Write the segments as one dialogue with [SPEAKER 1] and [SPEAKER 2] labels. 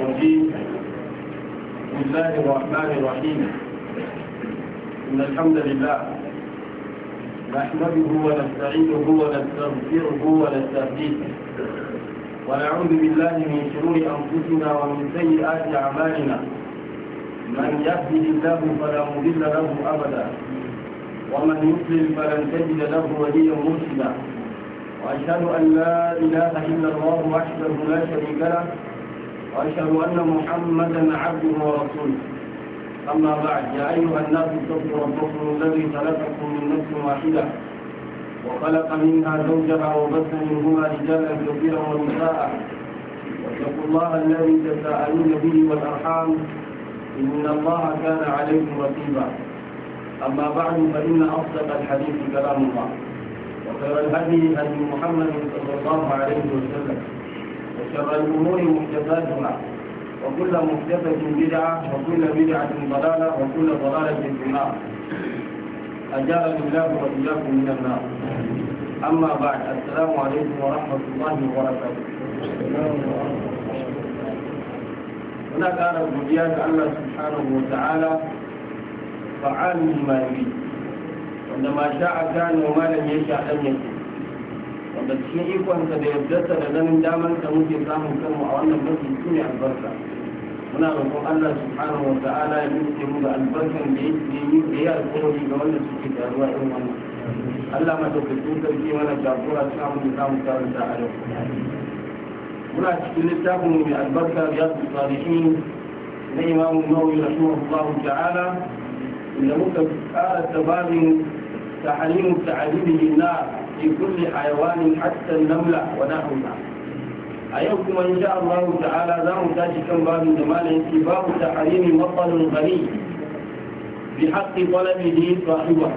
[SPEAKER 1] الرجيم بسم الله الرحمن الرحيم إن الحمد لله نحمده ونستعينه ونستغفره ونستهديه ونعوذ بالله من شرور أنفسنا ومن سيئات أعمالنا من يهدي الله فلا مضل له أبدا ومن يضلل فلن تجد له وليا مرشدا وأشهد أن لا إله إلا الله وحده لا شريك له وأشهد أن محمدا عبده ورسوله أما بعد يا أيها الناس اتقوا ربكم الذي خلقكم من نفس واحدة وخلق منها زوجها وبث منهما رجالا كثيرا ونساء واتقوا الله الذي تساءلون به والأرحام إن الله كان عليكم رقيبا أما بعد فإن أصدق الحديث كلام الله وخير الهدي هدي محمد صلى الله عليه وسلم شر الأمور محدثاتها وكل محدثة بدعة وكل بدعة ضلالة وكل ضلالة في النار أجارني الله وإياكم من النار أما بعد السلام عليكم ورحمة الله وبركاته هناك أنا بنيان الله سبحانه وتعالى فعال لما يريد عندما شاء كان وما لم يشاء لم يكن wanda cikin ikonsa da yardarsa da ganin damarsa muke samun kanmu a wannan mafi su ne albarka muna roƙon Allah subhanahu wa ta'ala ya nuke mu da albarkan da yake da ya alƙawari ga wanda suke taruwa irin wannan Allah madaukakin sarki mana jagora ta mu da mu karanta a yau muna cikin littafin mu mai albarka riyadu salihin na imamu nawawi rahimahullahu ta'ala inda muka ƙara tabarin ta'alimu ta'alibihin na في كل حيوان حتى النملة ونحوها أيوكم إن شاء الله تعالى ذا تاجكم باب جمال باب تحريم بطل غني بحق طلبه صاحبه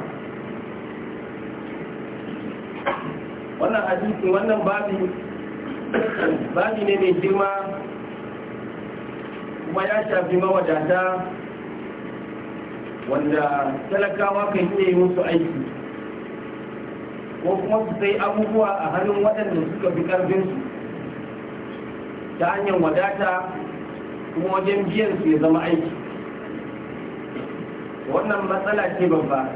[SPEAKER 1] wannan hadisi wannan babi babi ne mai girma kuma ya shafi mawadata wanda talakawa kan iya yi musu aiki ko kuma su sai abubuwa a hannun waɗanda suka fi ƙarfin su. ta hanyar wadata kuma wajen biyan su ya zama aiki wannan matsala ce babba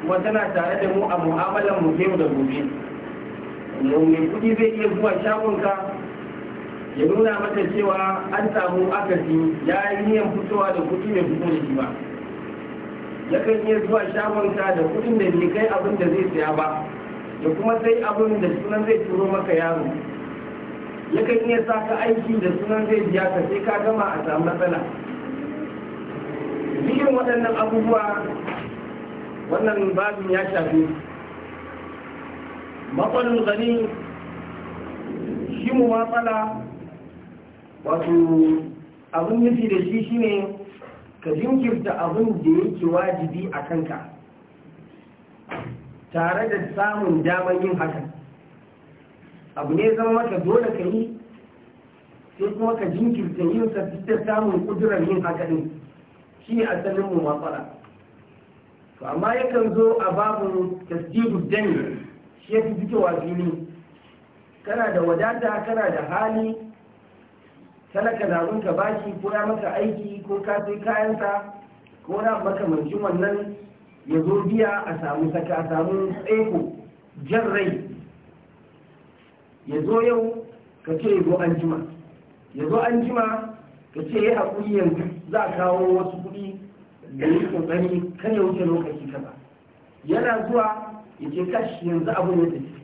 [SPEAKER 1] kuma tana tare da mu a mu'amalar mu yau da gobe mai kudi zai iya zuwa shagonka ya nuna mata cewa an samu akasi ya yi niyan fitowa da kudi mai fito da shi ba yakan iya zuwa shagonka da kudin da bai kai abin da zai saya ba da kuma sai abin da sunan zai turo maka yaro ya yakan iya sa ka aiki da sunan zai biya ka sai ka gama a samu matsala cikin waɗannan abubuwa wannan babin ya shafi matsalin gani shi mu matsala wato abin nufi da shi shine ka jinkirta abin da yake wajibi a kanka tare da samun damar yin hakan abu ne zama maka dole ka yi sai kuma ka jinkirta yin sa samun kudurar yin hakan shi ne asalin mu matsala to amma yakan zo a babu tasdidu dani shi ya fi fitowa fili kana da wadata kana da hali talaka zaɓin ka baki ko ya maka aiki ko ka sai kayansa ko na maka mai wannan ya zo biya a samu saka a samu tsaiko jan rai ya zo yau ka ce ya zo an jima ya zo an jima ka ce ya haƙuri yanzu za a kawo wasu kuɗi da yi ƙoƙari kan ya wuce lokaci kaza yana zuwa ya ce kashi yanzu abin ya tafi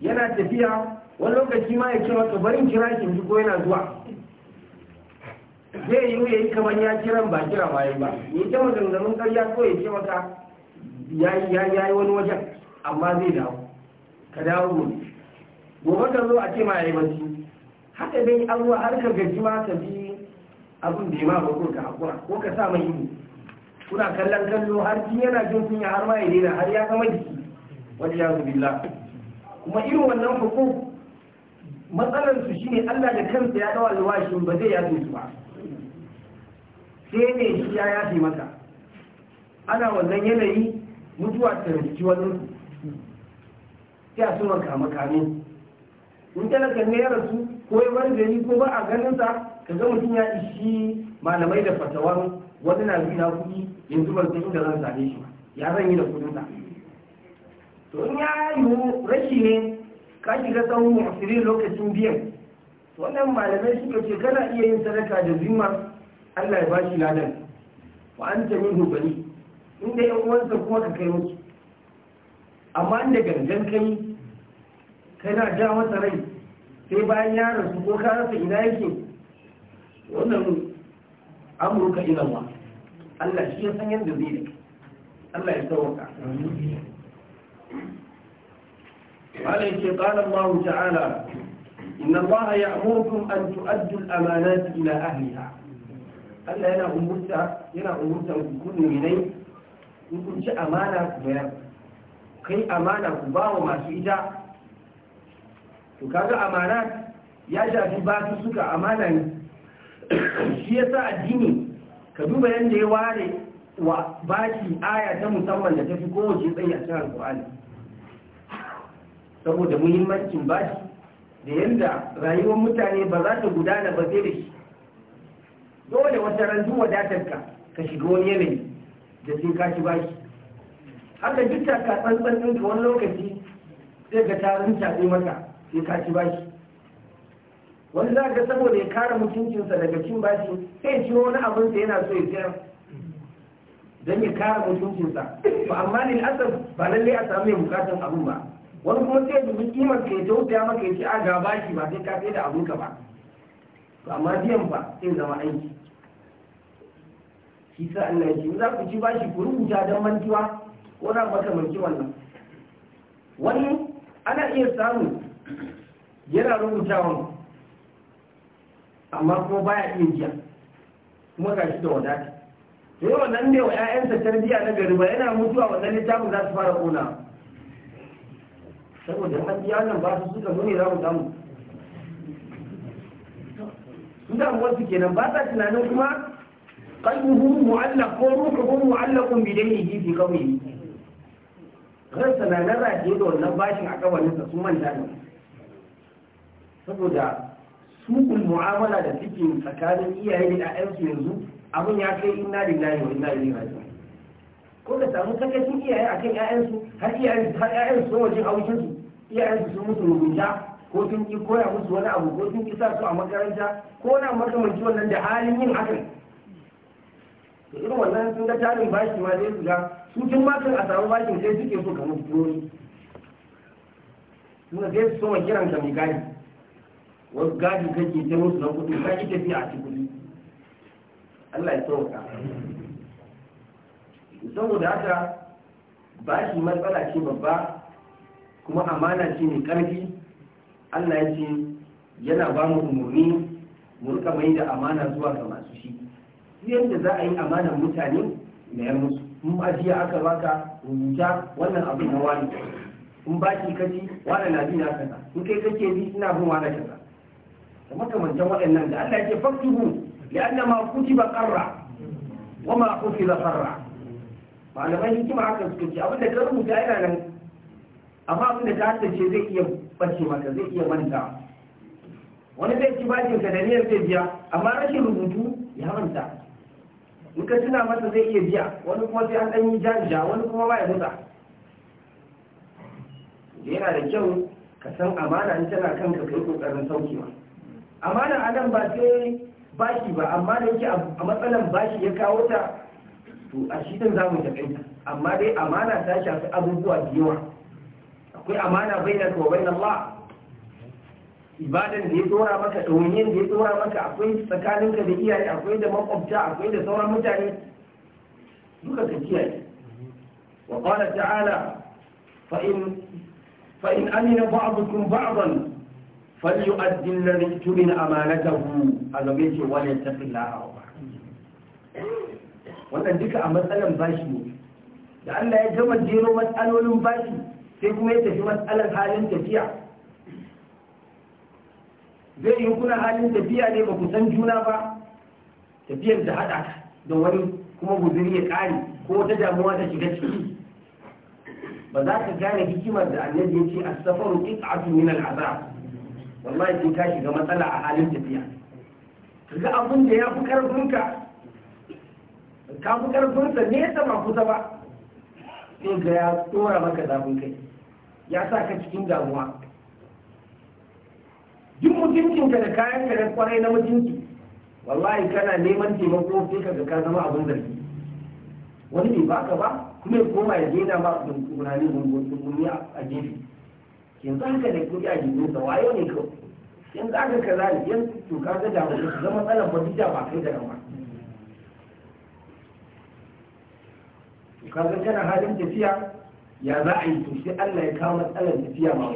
[SPEAKER 1] yana tafiya wani lokaci ma ya ce maka barin kira shi ko yana zuwa zai yi ya yi kamar ya kiran ba kira ba yi ba ya ce maganganun ƙarya ko ya ce maka ya yi wani wajen amma zai dawo ka dawo gobe gobe ka zo a ce ma ya yi haka dai an har harkar gaji ma ka fi abin da ya ma bakon ka hakura ko ka sa mai yi kuna kallon kallo har jin yana jin kunya har ma ya daina har ya kama jiki wani ya la kuma irin wannan hukun matsalarsu shine allah da kansa ya dawa alwashin ba zai ya su ba sai ne shi ya yafe maka ana wannan yanayi mutuwa ta rikici wannan ya suna kama kame in kan ne ya rasu ko ya bar yi ko ba a ganin sa ka ga mutum ya ishi malamai da fatawar wani na na kuɗi yanzu ban san inda zan same shi ya zan yi da kuɗin sa to in ya yiwu rashi ne ka shiga tsawon mu'asirin lokacin biyan wannan malamai suka ce kana iya yin sadaka da zimmar Allah ya bashi ladan wa ta min bani inda yan wanda kuma ka kai wasu amma inda gangan kai kai na ja masa rai sai bayan ya rasu ko karasa ina yake wannan amurka ilawa Allah shi ya san yadda zai da Allah ya tsawaka Allah yake kala Allah ta'ala inna Allah ya amurkum an tu'addu al-amanat ina ahliha Allah yana umurta yana umurta ku ne in kun ci amana ku bayar kai amana ku ba wa masu ita to kaga amana ya shafi ba su suka amana ne shi ya sa addini ka duba yadda ya ware wa baki aya ta musamman da tafi kowace tsayi a cikin alkur'ani saboda muhimmancin baki da yadda rayuwar mutane ba za ta gudana ba sai da shi dole wata ran duk wadatarka ka shiga wani yanayi da sai ka ci bashi haka duk taka tsantsan ka wani lokaci sai ka tarin taɓe maka sai ka ci bashi wani za ka saboda ya kare mutuncinsa daga cin bashi sai ci wani abin da yana so ya sayar don ya kare mutuncinsa ba amma ne asar ba lalle a samu mai bukatan abin ba wani kuma sai dubi kimar ka ya tausaya maka ya ci a ga bashi ba sai ka sai da ka ba to amma biyan ba sai zama aiki shi sa Allah ya za ku ci bashi ku rubuta don mantuwa ko na makamanci wannan wani ana iya samu yana rubuta rubutawan amma kuma baya iya jiya kuma ga shi da wadata to yi wannan ne wa 'ya'yansa tarbiyya na gari ba yana mutuwa wannan littafin za su fara kona saboda an biya nan ba su suka nune za mu samu su wasu kenan ba sa tunanin kuma qalbuhu mu'allaq ko ruhuhu mu'allaqun bi daynihi fi qawlihi ransa na nan rajiye da wannan bashin a kabarinsa sun manta ne saboda suƙul mu'amala da suke tsakanin iyaye da 'ya'yansu yanzu abin ya kai inna lillahi wa inna ilaihi ko da samu sakacin iyaye akan 'ya'yansu har iyayen har 'ya'yansu sun wajen haushin su iyayensu sun musu rubuta ko sun ki koya musu wani abu ko sun ki sa su a makaranta ko na makamanci wannan da halin yin hakan to irin wannan sun ga tarin bashi ma zai shiga su tun ma kan a samu bashin sai suke so kamar buroni suna zai su ma kiran ka mai gadi wasu gadi kake ta musu na kuɗi ka ki tafiya a ci kuɗi Allah ya sauka saboda haka bashi matsala ce babba kuma amana ce mai ƙarfi Allah ya ce yana ba mu umarni mu rika mai da amana zuwa ga masu shi yadda za a yi amanar mutane mayar musu in ajiya aka baka rubuta wannan abu na wani in ba ki kaci wani na bi na kaza in kai kake bi ina bin wani kaza da makamantan waɗannan da Allah ce faktuhu faktubu anna ma kutiba qarra wa ma hufiza qarra malamai hikima haka suka ce abinda ka rubuta yana nan amma abinda ta ce zai iya bace maka zai iya manta wani zai ci bashin ka da niyyar zai biya amma rashin rubutu ya manta in ka tuna masa zai iya biya wani kuma sai an ɗanyi jajja wani kuma ba ya da yana da kyau ka san amana in tana kanka kai kokarin saukewa amana a nan ba sai bashi ba amma da yake a matsalan bashi ya kawo ta to a shi mu zamu kai amma dai amana ta shafi abubuwa da yawa akwai amana bai na kawai na Allah ibadan da ya tsora maka ɗauniyar da ya tsora maka akwai tsakaninka da iyaye akwai da makwabta akwai da sauran mutane duka ka kiyaye wa ƙwada ta'ala fa in fa in amina ba'dukum na falyu'addi alladhi tumina amanatahu azabe ce wa yattaqillaha wa wannan duka a matsalan bashi ne da Allah ya gama jero matsalolin bashi sai kuma ya tafi matsalar halin tafiya zai yi kuna halin tafiya ne ba ku san juna ba tafiyar da haɗa da wani kuma guzuri ya ƙare ko wata damuwa ta shiga ciki ba za ka gane hikimar da annabi ya ce as-safaru qit'atun min al-azab wallahi sai ka shiga matsala a halin tafiya kaga abun da ya fi karfin ka ka fi karfin sa nesa ba kusa ba sai ga ya tsora maka zafin kai ya sa ka cikin damuwa duk ka da kayan ka da kwarai na mutunci wallahi kana neman taimako sai ka ka zama abin zargi wani bai baka ba kuma ya koma ya daina ba tunanin gungumi a gefe yanzu haka da kuɗi a sa wayo ne kawai yanzu haka ka a yan to ka ga damu su zama tsanan ba duk da ba kai da rawa ka ga kana halin tafiya ya za a yi to sai Allah ya kawo matsalar tafiya ma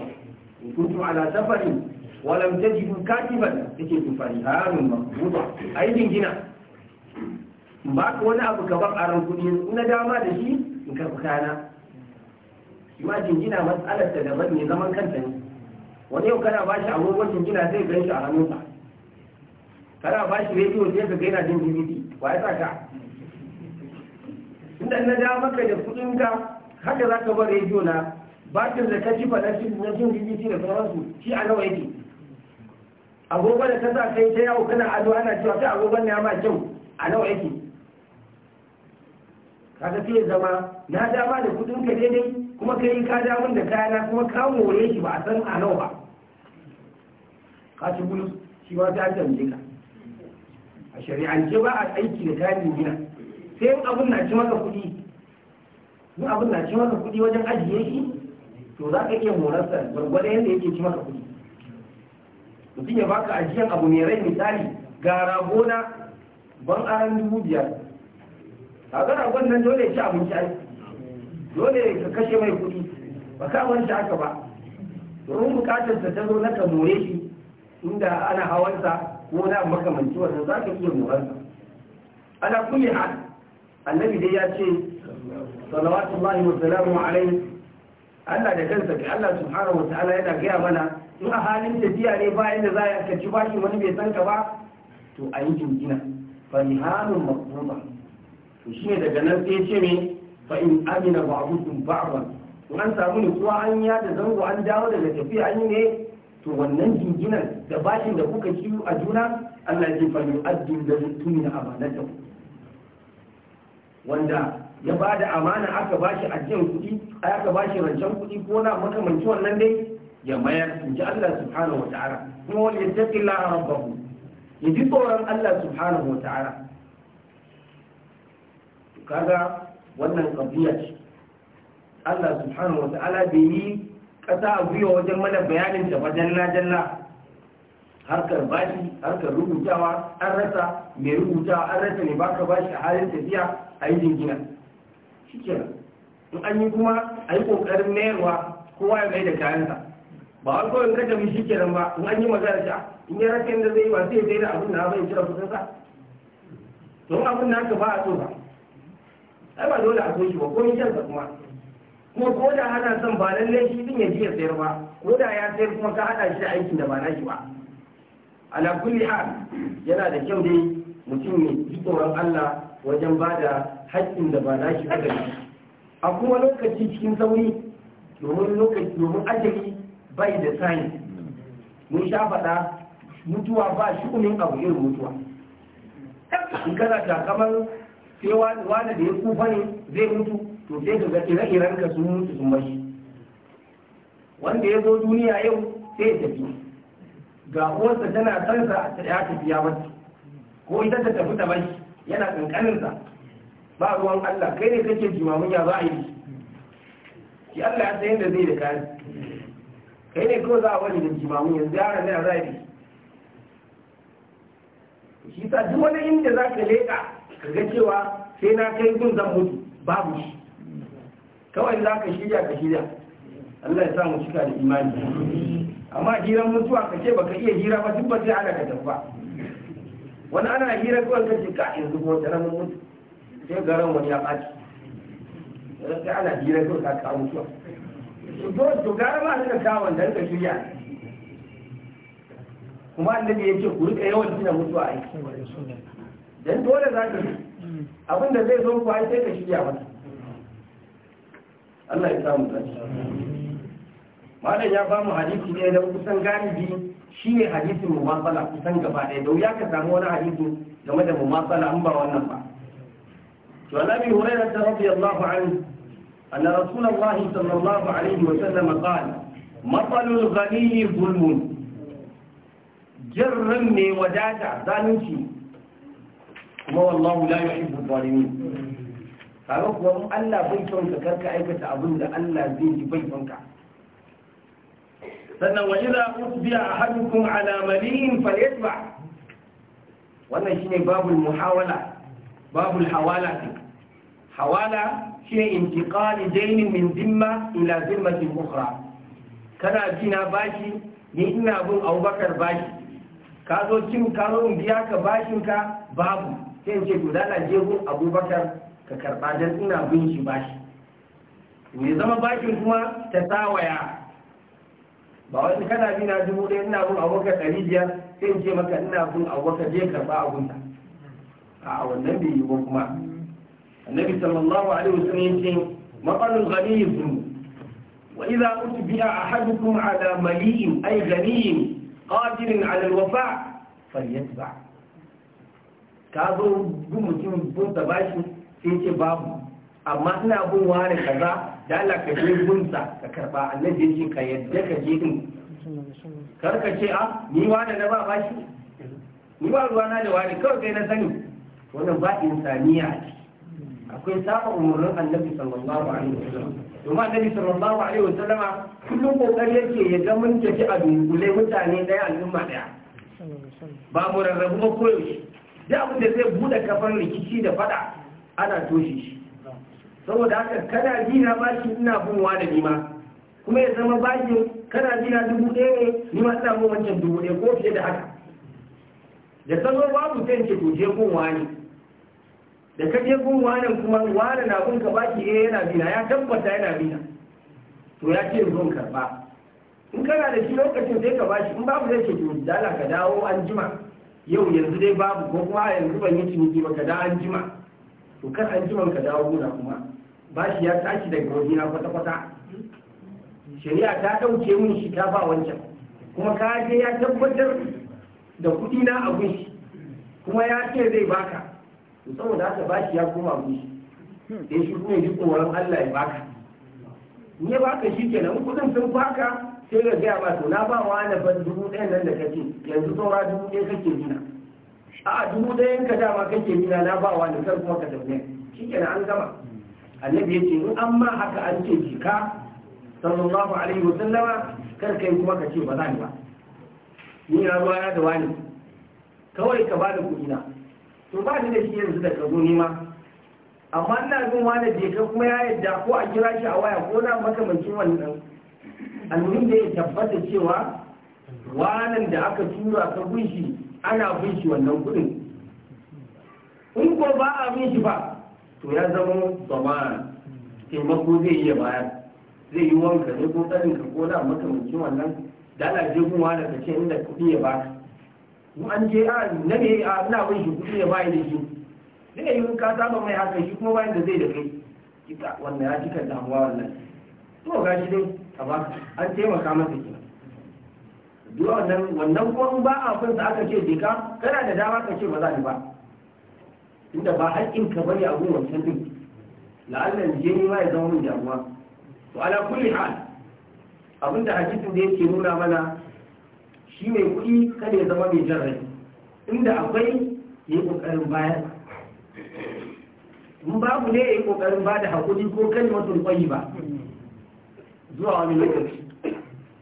[SPEAKER 1] kuntum ala safarin walam tajidu katiban yake to farihanun maqbuda ai dingina ba ka wani abu gaban 'aran kudi na dama da shi in karɓi kana ma jingina matsalar ta daban ne zaman kanta ne wani yau kana ba shi agogon jingina zai gan shi a hannunsa kana ba shi rediyo sai ka gaina jin dvd wa ya sa ka inda na dama ka da kudin ka haka za ka bar rediyo na bakin da ka ci fa na jin dvd da sauransu shi a nawa yake agogo da ta sa kai ta yawo kana ado ana cewa sai agogon ya ma kyau a nawa yake kaga sai ya zama na dama da kudin ka daidai kuma kai ka da mun da kayana kuma ka more shi ba a san a nawa ba ka ci bulus shi ba ta tambaye ka a shari'ance ba a aiki da kayan gina sai abun na ci maka kudi in abun na ci maka kudi wajen ajiye shi to za ka iya morarsa gwargwadon yadda yake ci maka kudi mutum ya baka ajiyan abu mai rai misali ga rago na ban aran dubu biyar a ga ragon nan dole ya ci abinci ai dole ka kashe mai kuɗi ba ka shi haka ba domin bukatar ta ta zo na ka more shi inda ana hawansa ko na makamanci wannan za ka iya moransa ana kulle hal annabi dai ya ce salawatullahi wa salamu alai Allah da kansa ke Allah subhanahu wa ta'ala yana gaya mana in a halin tafiya ne bayan da za a kaci bashi wani bai san ka ba to a yi jingina farihanun makruba to shine daga nan sai ce me fa in amina ba ba in an samu kuwa an ya da zango an dawo daga tafiya an yi ne to wannan jinginan da bashin da kuka ci a juna Allah ya fa addin da tumina amanatu wanda ya ba da amana aka bashi ajiyar kuɗi aka bashi rancen kuɗi ko na makamanci wannan dai ya mayar in ji Allah subhanahu wa ta'ala kuma wani yattaki Allah babu ya ji tsoron Allah subhanahu wa ta'ala kaga wannan kabiya ce Allah subhanahu wa ta'ala bai yi kasa a gwiwa wajen mana bayanin da wajen lajalla harkar bashi harkar rubutawa an rasa mai rubutawa an rasa ne baka bashi a halin tafiya a yi jingina shi in an yi kuma a yi ƙoƙarin mayarwa kowa ya mai da kayansa ba an kawai ka tafi shi kenan ba in an yi magana ta in ya rakin da zai yi ba sai ya da abin da zai cire kudin sa to abin da aka ba a so ba ai ba dole a so shi ba ko ni kansa kuma kuma ko da ana son ba lallai shi din ya ji ya sayar ba ko da ya sayar kuma ka hada shi da aikin da ba na shi ba ala kulli hal yana da kyau dai mutum ne ji tsoron Allah wajen ba da haƙƙin da ba na shi ba a kuma lokaci cikin sauri domin lokaci domin ajali bai da sani mun sha faɗa mutuwa ba shi umin abu yin mutuwa in kana kamar sai wani da ya kufa ne zai mutu to sai ka ga ire-iren ka sun mutu sun bashi wanda ya zo duniya yau sai ya tafi ga uwarsa tana sansa ta ya tafi ya ko ita ta tafi ta bashi yana kankaninsa ba ruwan Allah kai ne kake jimamun ya za a yi shi Allah ya san yadda zai da kayan kai ne kawai za a wani da jimamu yanzu yaran a yi shi ta duk wani inda za ka leƙa ka ga cewa sai na kai gun zan mutu babu shi kawai za ka shirya ka shirya Allah ya samu cika da imani amma hiran mutuwa ka ce baka iya hira ba duk ba sai ana ka tafa wani ana hira kawai ka ce ka yanzu ko ta ranar mutu sai garan wani ya ɓaci sai ana hira kawai ka kawo mutuwa to gara ma suka sha da ka shirya kuma annabi ya ce ku rika yawan tuna mutuwa aiki. dan dole za ka abin da zai zo ku ai sai ka shirya ba. Allah ya samu dace malam ya bamu hadisi ne da kusan galibi shine hadisin mumasala kusan gaba ɗaya da ya ka samu wani hadisi game da mumasala an ba wannan ba to annabi hurairah radiyallahu anhu أن رسول الله صلى الله عليه وسلم قال مطل الغني ظلم جر من وداتا ظالمشي kuma wallahu la yuhibbu zalimin kaga kuwa in Allah bai son ka aikata abin Allah zai ji bai son ka sannan wa idza usbiya ahadukum ala malin wannan shine babul babul shine intiqali dainin min zimma ila zimmatin ukhra kana jina bashi ni ina bin Abubakar bashi ka zo cin ka in biya ka bashin ka babu sai in ce to da je bin Abubakar ka karɓa don ina bin shi bashi me zama bashin kuma ta tsawaya. ba wani kana bina dubu ɗaya ina bin Abubakar ɗari biyar sai in ce maka ina bin Abubakar je karɓa abunta a wannan bai yi ba kuma annabi sallallahu alaihi wasallam yace maqalul ghaliz wa idha utbi'a ahadukum ala mali'in ay ghaniyin qadirin ala alwafa falyatba ka zo gun mutum bun bashi sai ce babu amma ina bin ware kaza da ka je gunsa ka karba annabi yace yadda ka je din karka ce a ni wane na ba bashi ni ba da wani kawai sai na sani wannan ba insaniya akwai saba umarnin annabi sallallahu alaihi wasallam domin annabi sallallahu alaihi wasallama kullum kokari yake ya ga mun tafi a dungule mutane daya al'umma daya ba mu rarrabu ba yaushe da abu da zai bude kafar rikici da fada ana toshe shi saboda haka kana ji na bashi ina bin wa da nima kuma ya zama bashin kana ji na dubu ɗaya ne ni ma ina wancan dubu ɗaya ko fiye da haka da salo babu sai ce to je bin wani da ka je gun wanan kuma wanan na gunka ka baki eh yana bina ya tabbata yana bina to ya ce zon karba in kana da shi lokacin sai ka bashi in babu zai ce to dala ka dawo an jima yau yanzu dai babu ko kuma yanzu ban yi ciniki ba ka dawo an jima to kar an jima ka dawo gona kuma bashi ya tashi daga wajena kwata-kwata shari'a ta ɗauke mun shi ta ba wancan kuma ka je ya tabbatar da kuɗi na abin shi kuma ya ce zai baka musamman da aka bashi ya koma gushi ya shi kuma ji tsoron Allah ya baka ne baka shi kenan kudin sun baka sai ga gaya ba to na ba wa na ban dubu ɗaya nan da kake yanzu saura dubu ɗaya kake nuna a dubu ɗayan ka dama kake nuna na ba wa na kar kuma ka tafi shi kenan an gama annabi ya ce in an ma haka an ce jika sallallahu alaihi wa sallama kar kai kuma ka ce ba za ni ba ni na ruwa da wani kawai ka bada kuɗi na to ba da shi yanzu da kazo zo nima amma ina zo wani da kuma ya yadda ko a kira shi a waya ko na makamancin wannan almuhim da ya tabbata cewa wanan da aka tura ka bin shi ana bin shi wannan kudin in ko ba a bin shi ba to ya zama zaman taimako zai iya bayar zai yi wanka ne ko tsarin ka ko na makamancin wannan dala je gun wani ka ce inda kuɗi ya baka in an je a na me a ina bin shi kuɗi ne bayan da shi zai yi ka saba mai haka shi kuma bayan da zai da kai kika wannan ya cikin damuwa wannan to ga shi dai amma an taimaka masa ke Duk wannan wannan ko in ba a kun sa aka ce je ka kana da dama ka ce ba za ni ba inda ba haƙƙin ka bane a gurin wancan din la'allan je ni ma ya zama min damuwa to ala kulli hal abinda hadisin da yake nuna mana shi mai kuɗi kada ya zama mai jan inda akwai ya yi ƙoƙarin bayan in babu ne ya yi ƙoƙarin ba da haƙuri ko kalmatul ƙwayi ba zuwa wani lokaci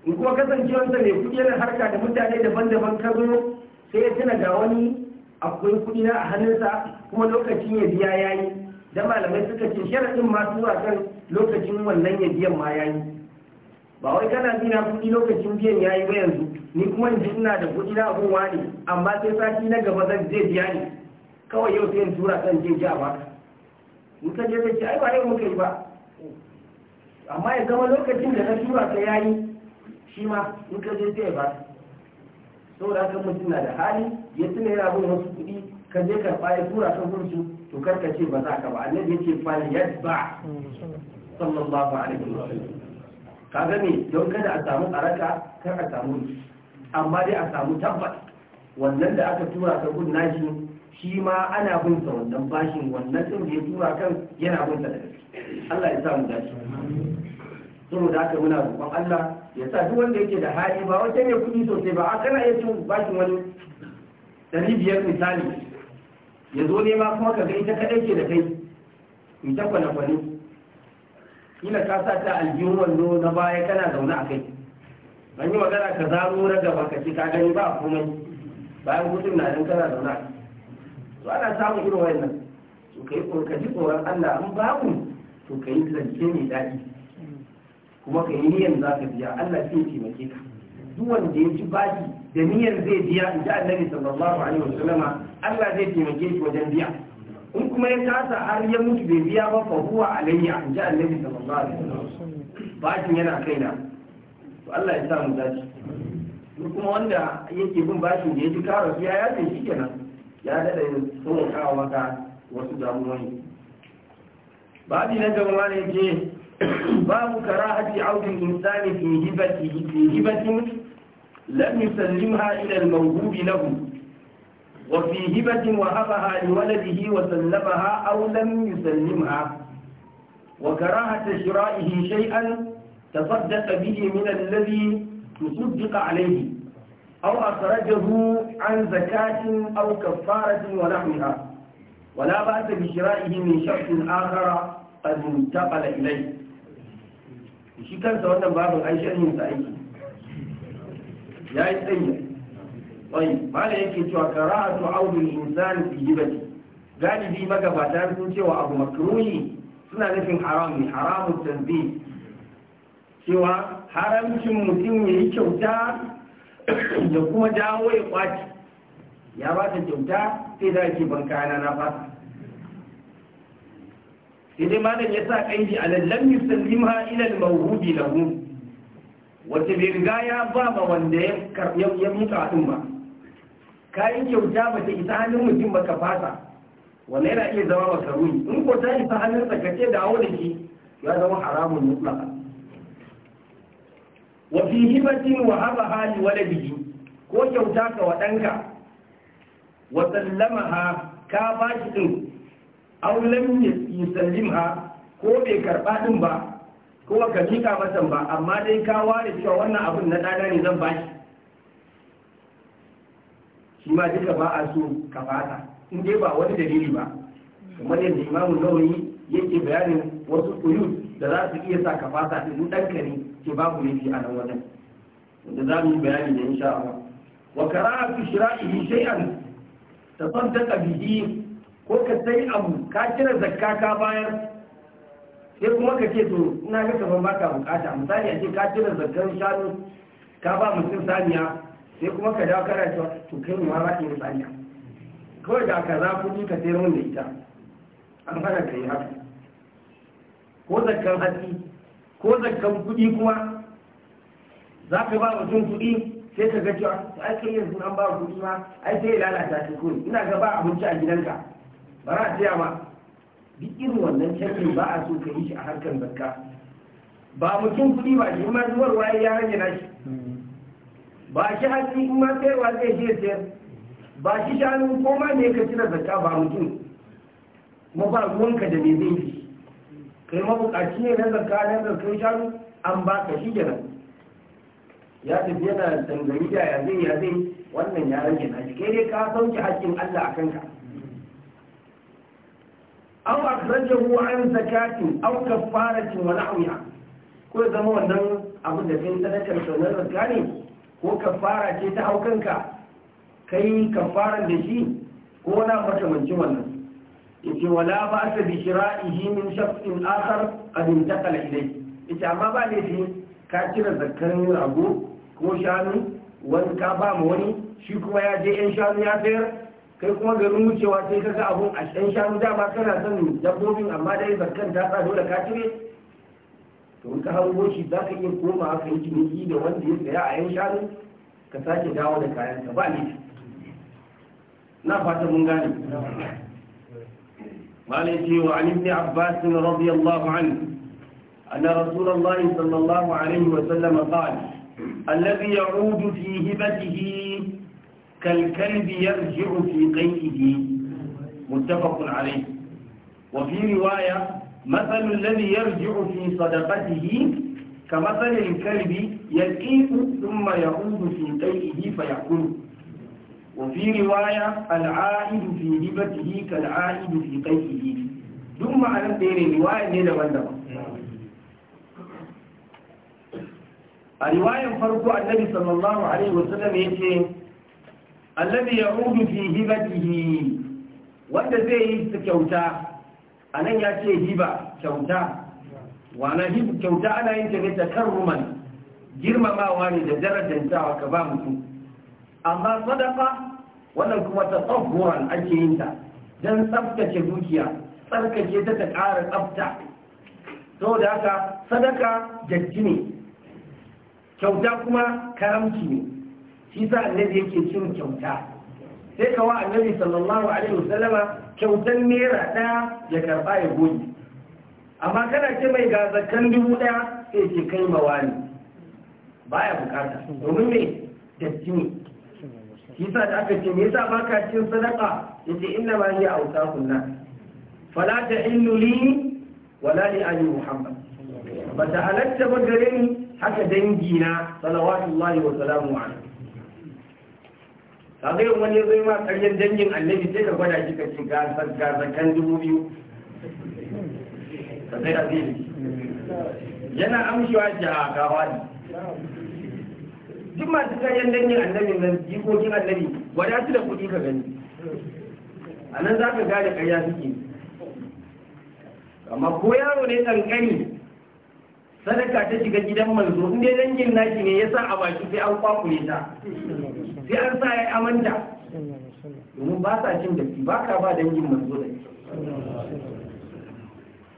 [SPEAKER 1] in kuma kasancewarsa mai kuɗi yana harka da mutane daban-daban zo sai ya tuna ga wani akwai kuɗi na a hannunsa kuma lokacin ya biya yayi da malamai suka ce sharaɗin masu wasan lokacin wannan ya biyan ma yayi ba wai kana bi na kuɗi lokacin biyan yi ba yanzu ni kuma in ina da kuɗi na abun wani amma sai sati na gaba zan je biya ni kawai yau sai tura san je ji a baka ka je zai ce ai ba yau muka yi ba amma ya zama lokacin da na tura ka yi shi ma in ka je sai ba saboda haka mutum na da hali ya tuna yana bin wasu kuɗi ka je karɓa ya tura ka gursu to karka ce ba za ka ba annabi ya ce fa yadda mm. sallallahu alaihi wasallam ka ne don kada a samu tsaraka kar a samu amma dai a samu tabbat wannan da aka tura ta gun nashi shi ma ana bin sa wannan bashin wannan din da ya tura kan yana bin sa da Allah ya sa mu dace saboda haka muna roƙon Allah ya sa duk wanda yake da hali ba wata ne kuɗi sosai ba a kana iya cin bashin wani ɗari biyar misali ya zo nema kuma ka ga ita kaɗai ke da kai ita kwane kila ka sa ta aljihun wando na baya kana zaune a kai an yi magana ka zaro na gaba ka ci ka gani ba komai bayan gudun na nan kana zaune to ana samun irin wannan to ka ka ji tsoron Allah an babu to ka yi zance mai daɗi kuma ka yi niyyar za ka biya Allah sai taimake ka duk wanda ya ci baki da niyyar zai biya in ji annabi sallallahu alaihi sallama Allah zai taimake shi wajen biya in kuma ya kasa har ya mutu bai biya ba fa huwa alayya an ji annabi sallallahu alaihi wasallam bashin yana kaina to Allah ya sa mu dace duk kuma wanda yake bin bashin da ya ji karo ya ya ce shikenan ya dada sun kawo maka wasu damuwoyi babi na gaba ne ce babu karahati audin insani fi hibati fi hibati lam yusallimha ila al-mawhubi lahu وفي هبة وهبها لولده وسلمها أو لم يسلمها وكراهة شرائه شيئا تصدق به من الذي تصدق عليه أو أخرجه عن زكاة أو كفارة ونحوها ولا بأس بشرائه من شخص آخر قد انتقل إليه shi kansa wannan babin an sharhin sa aiki ya yi tsayi طيب a لا يمكن قراءة عود الإنسان في جبته galibi magabata sun cewa abu makruhi suna nufin haram ne haramun tanzi cewa haramcin mutum ya yi kyauta da kuma dawo ya kwaci ya ba ta kyauta sai da ake ban kayana na fasa sai dai malam ya sa kanji a lallan yusallima ilal mawhubi lahu wata bai riga ya ba ma wanda ya muka a ba kayan kyauta ba ta isa hannun mutum ba ka fasa wannan yana iya zama makaruni in ko ta isa hannun tsakace da hawo da shi ya zama haramun mutlaka wa fi hibatin wa haba hali waladihi ko kyauta ka wa ɗanka wa sallamaha ka ba shi din aw lam ha, ko bai karɓa ɗin ba ko ka mika masan ba amma dai ka ware cewa wannan abun na dada ne zan ba shi shi ma duka ba a so ka fata in dai ba wani dalili ba kamar yadda imamu nawayi yake bayanin wasu kuyu da za su iya sa ka fata in dan ne ke babu laifi a nan wajen wanda za mu yi bayani da insha Allah wa kara'a fi bi shay'an tasaddaqa bihi ko ka sai abu ka kira zakka ka bayar sai kuma ka ce to ina ga kaman baka bukata misali a ce ka kira zakkan shanu ka ba mutum saniya sai kuma ka dawo kana cewa to kai mu ma ba yin sanya kawai da ka za ku ka sayar mun da ita an fara kai yi haka ko zakkan hatsi ko zakkan kuɗi kuma za ka ba mutum kuɗi sai ka ga cewa ai kai yanzu an ba kuɗi ma ai sai ya lalata ta ko ina ga ba abinci a gidanka ba za a tsaya ma duk irin wannan canjin ba a so ka yi shi a harkar zakka ba mutum kuɗi ba shi kuma zuwar waye ya rage na shi ba shi haƙi kuma sai wa zai je sayar ba shi shanu ko ma ne ka cire zakka ba mutum kuma ba ruwanka da me zai yi kai mabukaci ne na zakka na zakkan shanu an ba ka shi kenan ya tafi yana tangari da ya zai ya zai wannan ya rage na shi kai dai ka sauke haƙƙin Allah a kanka aw akhrajahu an zakatin aw kafaratin wa nahwiha ko zama wannan abin da kai sadakar sauran zakka ne ko kafara ce ta hau kanka kai kafaran da shi ko na makamanci wannan yace wala ba ta bi ihi min abin akhar qad intaqala ilayhi yace amma ba shi ka cire zakkarin rago ko shanu wani ka ba ma wani shi kuma ya je yan shanu ya sayar kai kuma garin wucewa sai ga abun a yan shanu dama kana son dabbobin amma dai zakar ta sa dole ka cire to in ka hango shi za ka iya koma ka yi ciniki da wanda ya saya a yau shanu ka sake dawo da kayan ka ba ne na fata mun gane malai ce wa an ibn abbas radiyallahu anhu anna rasulullahi sallallahu alaihi wa sallam qala الذي يعود في هبته كالكلب يرجع في قيئه متفق عليه وفي رواية مثل الذي يرجع في صدقته كمثل الكلب يقيف ثم يعود في قيئه فيأكله وفي رواية العائد في هبته كالعائد في قيئه ثم على الدين رواية ليلة والدبا الرواية فرق النبي صلى الله عليه وسلم يقول الذي يعود في هبته وانت زي سكوتا a nan ya ce hiba kyauta wana hiba kyauta ana yin ta ne ta karruman girmamawa ne da darajantawa ka ba mutum amma sadaka wannan kuma ta tsohuwan ake yin ta don tsabtace dukiya tsarkake ta ta ƙara tsabta sau da haka sadaka jajji ne kyauta kuma karamci ne shi sa annabi yake cin kyauta sai kawa annabi sallallahu alaihi wasallama kyautar naira ɗaya ya karɓa ya goge amma kana ce mai ga zakkan dubu ɗaya sai kai mawani baya bukata domin me datti ne yasa da aka ce me yasa baka cin sadaka yace inna ma hiya awsaqun Falata fala ta'illu li wala li ali muhammad bata halatta ba gare ni haka dangi na salawatullahi wa salamu alaihi ka zai wani zai ma karyar dangin annabi sai ka gwada shi ka ce gasar gasakan dubu biyu ka zai a zai yana amshewa shi a kawai duk masu karyar dangin annabi nan jikokin annabi gwada su da kuɗi ka gani a nan za ka gane karya suke amma ko yaro ne kankani sadaka ta shiga gidan manzo in dai dangin naki ne yasa a baki sai an kwakule ta sai an sa ya amanta domin ba sa cin datti ba ka ba dangin manzo da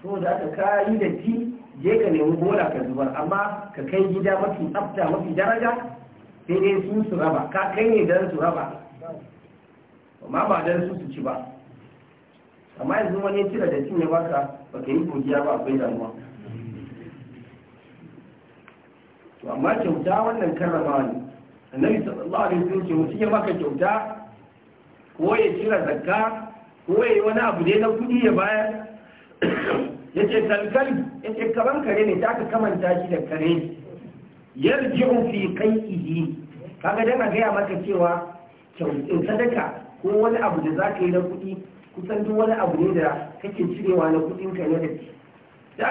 [SPEAKER 1] so da aka kayi datti je ka nemi bola ka zubar amma ka kai gida mafi tsafta mafi daraja sai dai su su raba ka kai ne dan su raba amma ba dan su su ci ba amma yanzu wani cire cin ya baka baka yi godiya ba akwai damuwa to amma kyauta wannan karrama ne annabi sallallahu alaihi wasallam ce mutum ya baka kyauta ko ya cira zakka ko ya yi wani abu ne na kudi ya bayar ya ce kalkali ya ce kare ne ta ka kamanta shi da kare yarji'u fi qai'ihi kaga dana gaya maka cewa kyautin sadaka ko wani abu da zaka yi na kuɗi kusan duk wani abu ne da kake cirewa na kuɗin ka ne da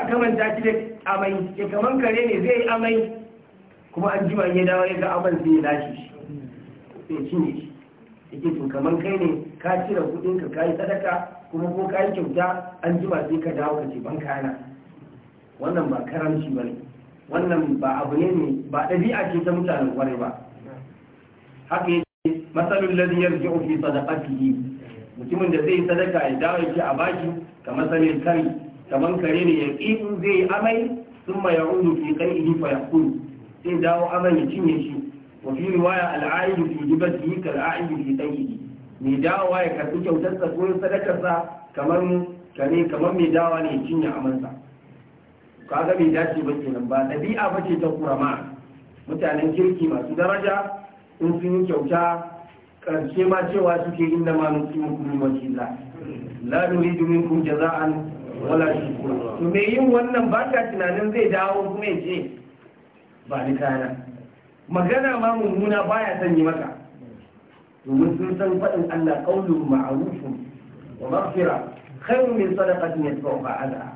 [SPEAKER 1] ta kamanta shi da amai ke kaman kare ne zai yi amai kuma an jima ya dawo ya ga aban sai ya lashe shi ya cinye shi yake to kamar kai ne ka cire kudin ka kai sadaka kuma ko ka yi kyauta an jima sai ka dawo ka ce ban kana wannan ba karamci bane wannan ba abu ne ne ba dabi'a ce ta mutanen kwarai ba haka yake masalul ladhi yarji'u fi sadaqatihi mutumin da zai sadaka ya dawo yake a baki kamar sanin kari kamar kare ne ya ƙi zai amai sun ma ya rudu fi kai ihi fa sai dawo aman ya cinye shi wa fi riwaya al'a'idu fi jibatihi kal yi fi tankihi mai dawowa ya karbi sa? ko sa kamar kane kamar mai dawa ne ya cinye amansa kaga mai dace ba kenan ba ɗabi'a ba ce ta kurama mutanen kirki masu daraja in sun yi kyauta karshe ma cewa suke inda ma nufi mukulun wajiza la dumin kun jaza'an wala shukura to me yin wannan ba ka tunanin zai dawo kuma ya ce ba ni kana magana ma mummuna baya son yi maka domin sun san faɗin Allah qaulun ma'rufun wa maghfira khairun min sadaqatin yatba'uha ala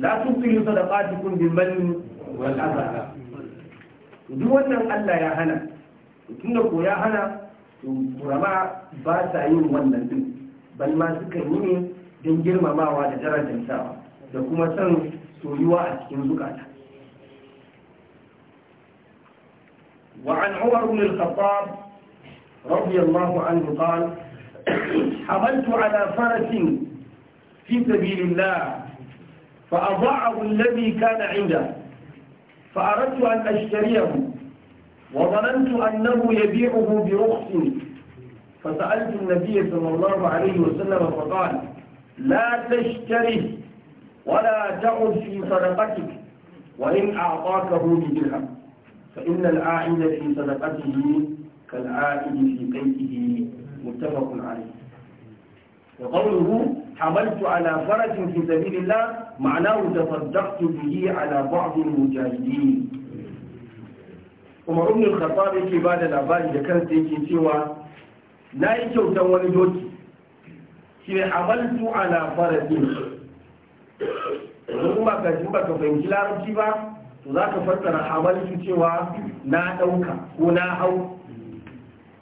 [SPEAKER 1] la tubtilu sadaqatukum bil manni wal adha duk wannan Allah ya hana tunda ko ya hana to kurama ba sa yin wannan din bal ma suka yi ne don girmamawa da darajantawa da kuma son soyuwa a cikin zukata وعن عمر بن الخطاب رضي الله عنه قال حملت على فرس في سبيل الله فأضاعه الذي كان عنده فأردت أن أشتريه وظننت أنه يبيعه برخص فسألت النبي صلى الله عليه وسلم فقال لا تشتره ولا تعد في صدقتك وإن أعطاكه بدرهم فإن العائد في صدقته كالعائد في بيته متفق عليه وقوله حملت على فرج في سبيل الله معناه تصدقت به على بعض المجاهدين Kuma ibn al yake ba da labari da kansa yake cewa na yi kyautan wani doki shi ne amaltu ala faradin kuma ka jin baka fahimci larabci ba to za ka fassara hamaltu cewa na ɗauka ko na hau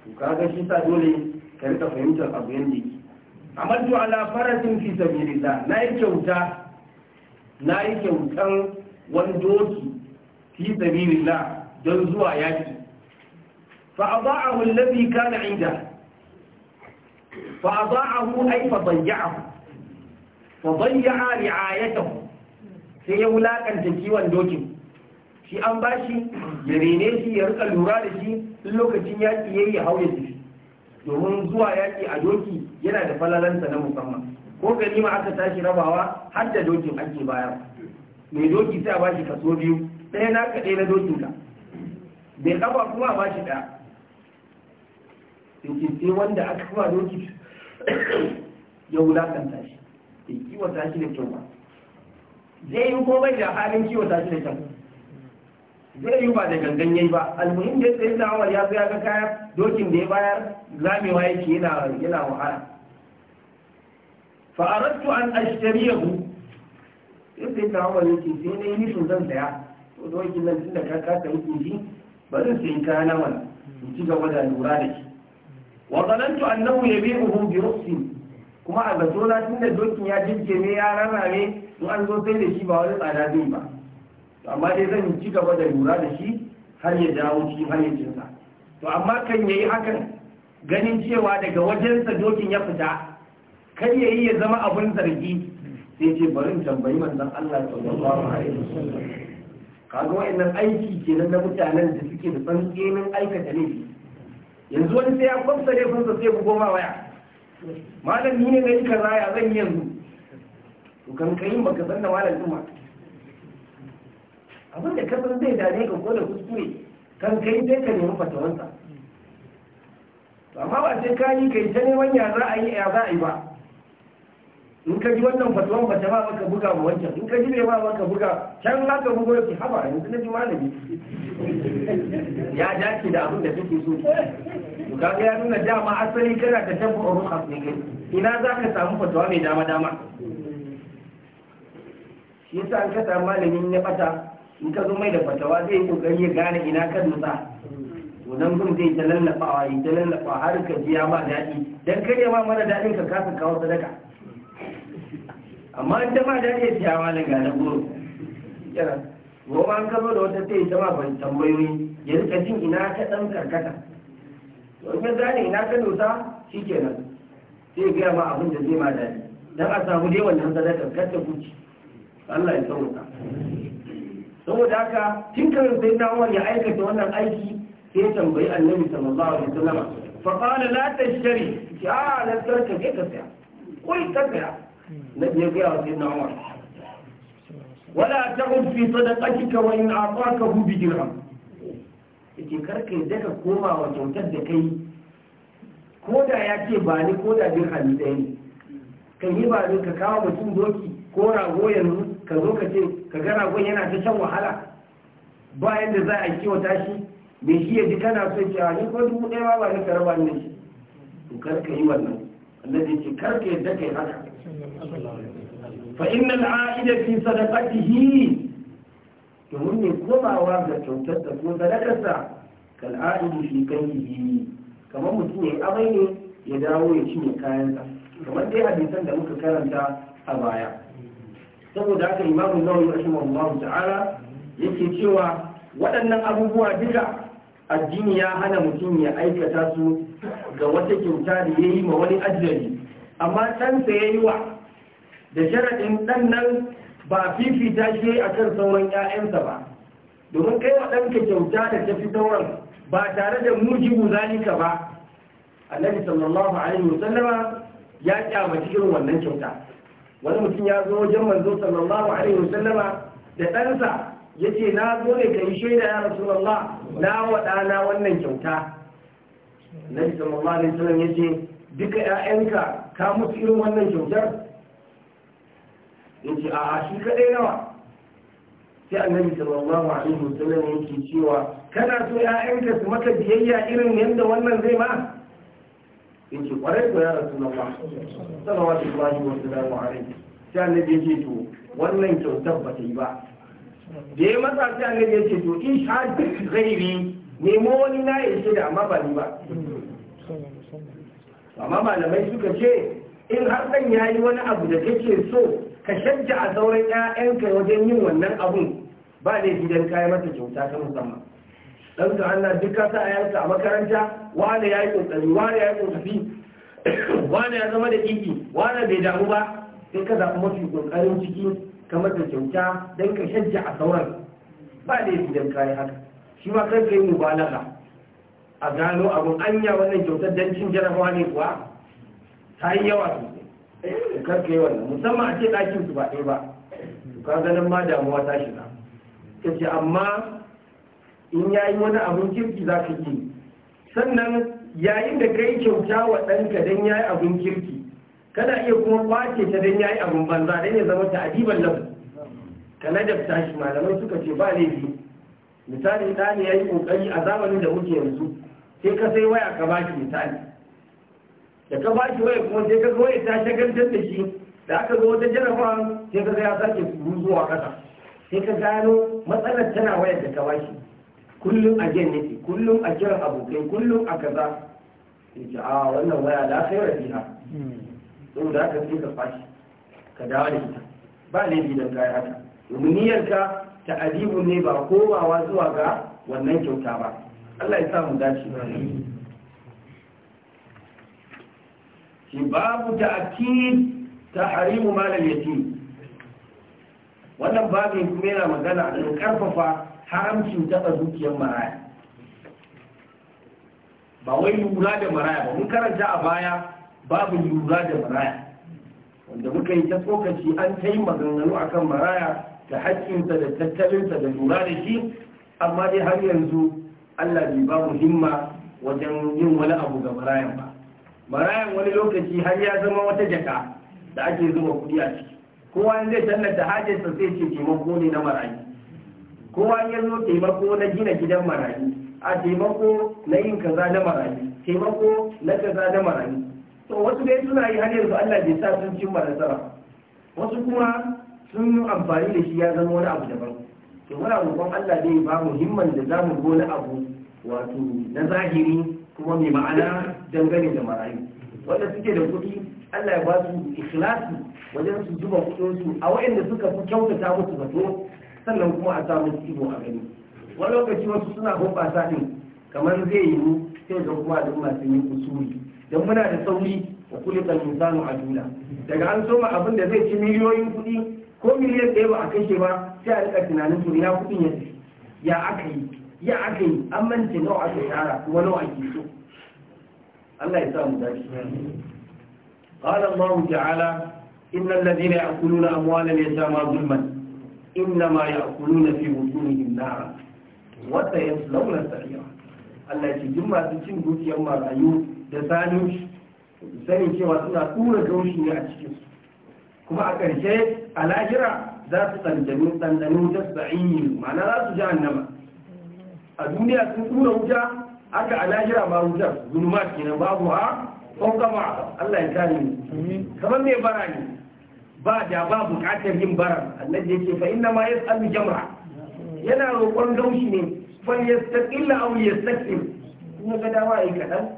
[SPEAKER 1] to kaga shi sa dole ka rika fahimtar abu yadda yake amaltu ala farasin fi sabilillah na yi kyauta na yi kyautan wani doki fi sabilillah don zuwa yaki fa adaahu alladhi kana inda fa adaahu ay fa dayya'ahu fa dayya'a ri'ayatahu sai ya wulakanta kiwon dokin shi an bashi ya rene shi ya rika lura da shi lokacin yaƙi yayi ya hau ya shi, domin zuwa yaƙi a doki yana da falalansa na musamman ko ganima aka tashi rabawa har da dokin ake bayar mai doki sai a bashi kaso biyu ɗaya na kaɗai na dokin ka bai ƙafa kuma a bashi ɗaya yake sai wanda aka kuma doki ya wulakanta shi bai kiwata shi da kyau ba zai yi ko bai da halin kiwata shi da kyau zai yi ba da gangan yayi ba almuhim da sai na ya zo ya ga kaya dokin da ya bayar zamewa yake yana yana wahala fa aradtu an ashtariyahu da na Umar yake sai na yi sun zan saya to dokin nan tunda ka ka sai kuji ba zan sayi kaya na wala in ci gaba da lura da shi wa zanantu annahu yabi'uhu bi rukhsin kuma a zato na tunda dokin ya jinke ne ya rarrabe in an zo sai da shi ba wani tsada zai ba amma dai zan ci gaba da lura da shi har ya dawo cikin jinsa to amma kan yayi hakan ganin cewa daga wajensa dokin ya fita kan yayi ya zama abun zargi sai ce bari tambayi manzon Allah sallallahu alaihi wasallam kaga wannan aiki kenan na mutanen da suke da tsantsenin aikata ne yanzu wani sai ya kwamsa kun sai ku goma waya malam ni ne na yi kaza ya zan yanzu to kan kai maka san da malam kuma abin da kasar zai dane ka ko da kuskure kan kai zai ka nemi fatawansa amma ba sai ka yi kai ta neman ya za a yi ya za a yi ba in ka ji wannan fatawan ba ta ba ka buga ma wancan in ka ji bai ba ka buga can ka buga yake haba yanzu na ji malami ya dace da abin da kake so ka ga ya nuna dama asali kana ta tabbu a rukhas ne kai ina za ka samu fatawa mai dama dama shi yasa an ka samu malamin ya bata in ka zo mai da fatawa zai kokari ya gane ina kan nutsa Wannan gun zai ta lallafawa yi ta lallafawa har ka biya ya ma daɗi dan kare ma mara daɗin ka kasa kawo sadaka amma in ma daɗi ya ciyawa na ga goro yana goma an ka da wata sai ta ma ban tambayoyi ya rika jin ina ka ɗan karkata to in gane ina ka nutsa shikenan sai gaya ma abin da zai ma daɗi dan a samu dai wannan sadaka kar ta kuci Allah ya sauka saboda haka tun karin sai na ya aikata wannan aiki sai ya tambayi annabi sallallahu alaihi wasallam fa qala la tashtari ya la tarka ke ka saya koi ka saya na je ga wa sai na umar wala ta'ud fi sadaqatika wa in a'taka hu bi dirham yake karka yadda ka koma wa kyautar da kai ko da ya ce ba ni ko da dirham ɗaya ne kan yi ba ni ka kawo mutum doki ko rago yanzu ka zo ka ce ka ga ragon yana ta shan wahala bayan da za a kiwata shi mai shi ya ji kana son cewa ni ko dubu ɗaya ba ni ka raba ni shi to kar ka yi wannan Allah ya ce kar ka yadda kai haka fa innal a'ida fi sadaqatihi domin ne komawa ga kyautar ta ko sa kal a'idi fi kayyihi kamar mutum ya amai ne ya dawo ya cinye kayansa kamar dai hadisan da muka karanta a baya saboda haka imamu nawawi rahimahullahu ta'ala yake cewa waɗannan abubuwa duka addini ya hana mutum ya aikata su ga wata kyauta da ya yi ma wani ajiyari amma ɗansa ya yi wa da sharaɗin ɗan nan ba fifita shi a kan sauran 'ya'yansa ba domin kai wa ɗanka kyauta da tafi sauran ba tare da mujibu zalika ba annabi sallallahu alaihi wasallama ya kyamaci irin wannan kyauta wani mutum ya zo wajen manzo sallallahu alaihi wasallama da ɗansa ya ce na zo ne ka yi shaida ya rasulallah na wa ɗana wannan kyauta nabi sallallahu alaihi wasallam ya ce duka ƴaƴanka ka musu irin wannan kyautar ya ce a shi kaɗai nawa sai annabi sallallahu alaihi wasallam yake cewa kana so ƴaƴanka su maka biyayya irin yadda wannan zai ma yake kwarai ko ya rasu lalla salawatu lillahi wa salamu alaihi sai annabi yake to wannan kyautar ba ta yi ba da ya matsa sai annabi yake to in shahadu ghairi nemo wani na ce da amma ba ni ba amma malamai suka ce in har dan yayi wani abu da kake so ka shajja a sauran 'ya'yanka wajen yin wannan abun ba ne gidan kayan mata kyauta ta musamman dan ka Allah duk ka sa a yanka a makaranta wani ya yi kokari wani ya yi kokafi wani ya zama da kiki wani bai damu ba sai ka zaɓi mafi kokarin ciki kamar da kyauta dan ka shajja a sauran ba da yake don kayi haka shi ma kan ka yi mubalaga a gano abin anya wannan kyautar dan cin jarabawa ne kuwa ta yi yawa sosai kar ka yi wannan musamman a ce ɗakin su ba ɗaya ba ka ganin ma damuwa ta shiga Ka ce amma in ya yi wani abun kirki za ka yi sannan yayin da kai kyauta wa ɗanka don ya yi abun kirki kana iya kuma kwace ta don ya yi abin banza don ya zama ta'adiban lafi ka fita shi malamai suka ce ba laifi misali ɗani ya yi ƙoƙari a zamanin da muke yanzu sai ka sai waya ka bashi misali da ka bashi waya kuma sai ka ga waya ta shagaltar da shi da aka zo wata jarabawa sai ka ga ya sake zuwa ƙasa sai ka gano matsalar tana wayar da ka bashi kullum a jan kullum a kiran abokai kullum a kaza in ce a ah, wannan waya da sai rafi ha da aka sai ka fashi ka dawo da ita ba ne gidan kayan haka domin niyyarka ta adibu ne ba komawa zuwa ga wannan kyauta ba Allah ya sa mu dace shi babu ta'kid ta Harimu Malam yatim wannan babin kuma yana magana a karfafa haramcin taɓa dukiyar maraya ba wai lura da maraya ba mun karanta a baya babu lura da maraya wanda muka yi ta tsokaci an ta yi maganganu a kan maraya da haƙƙinsa da tattalinsa da lura da shi amma dai har yanzu allah bai ba himma wajen yin wani abu ga marayan ba marayan wani lokaci har ya zama wata jaka da ake zuba kuɗi a ciki kowa zai tallata hajjarsa sai ce taimako ne na marayu kowa ya zo taimako na gina gidan marayu a taimako na yin kaza na marayu taimako na kaza na marayu to wasu dai suna yi har yanzu Allah bai sa sun cin nasara wasu kuma sun yi amfani da shi ya zama wani abu daban to muna roƙon Allah dai ba mu himman da za mu gona abu wato na zahiri kuma mai ma'ana dangane da marayu wanda suke da kuɗi Allah ya ba su ikhlasi wajen su zuba kuɗinsu a waɗanda suka fi kyautata musu zato sannan kuma a samun cibo a gani wani lokaci wasu suna hoɓasa ɗin kamar zai yi mu sai ga kuma duk masu yin kusuri don muna da sauri kuli kulikal insanu a juna daga an soma abin da zai ci miliyoyin kuɗi ko miliyan ɗaya ba a kashe ba sai a rika tunanin to ya kuɗin ya tafi ya aka yi ya aka yi an mance nawa aka yara kuma nawa ake so Allah ya sa mu dace قال الله تعالى إن الذين يأكلون أموالا اليتامى ظلما إنما يأكلون في وجوههم نارا وسيصلون سعيرا Allah ke jin masu cin dukiyar marayu da sani sani cewa suna tura gaushi ne a cikin kuma a ƙarshe a lahira za su tsandanin tsandanin ta sa'ini ma'ana za su ji annama a duniya sun tura wuta aka a lahira ma wutar zulma kenan babu ha ko kama Allah ya kare kamar mai bara ne ba da ba bukatar yin baran annabi yake fa inna ma yasalu jamra yana roƙon gaushi ne fal yastaqilla aw yastakil kuma ga dama ai kadan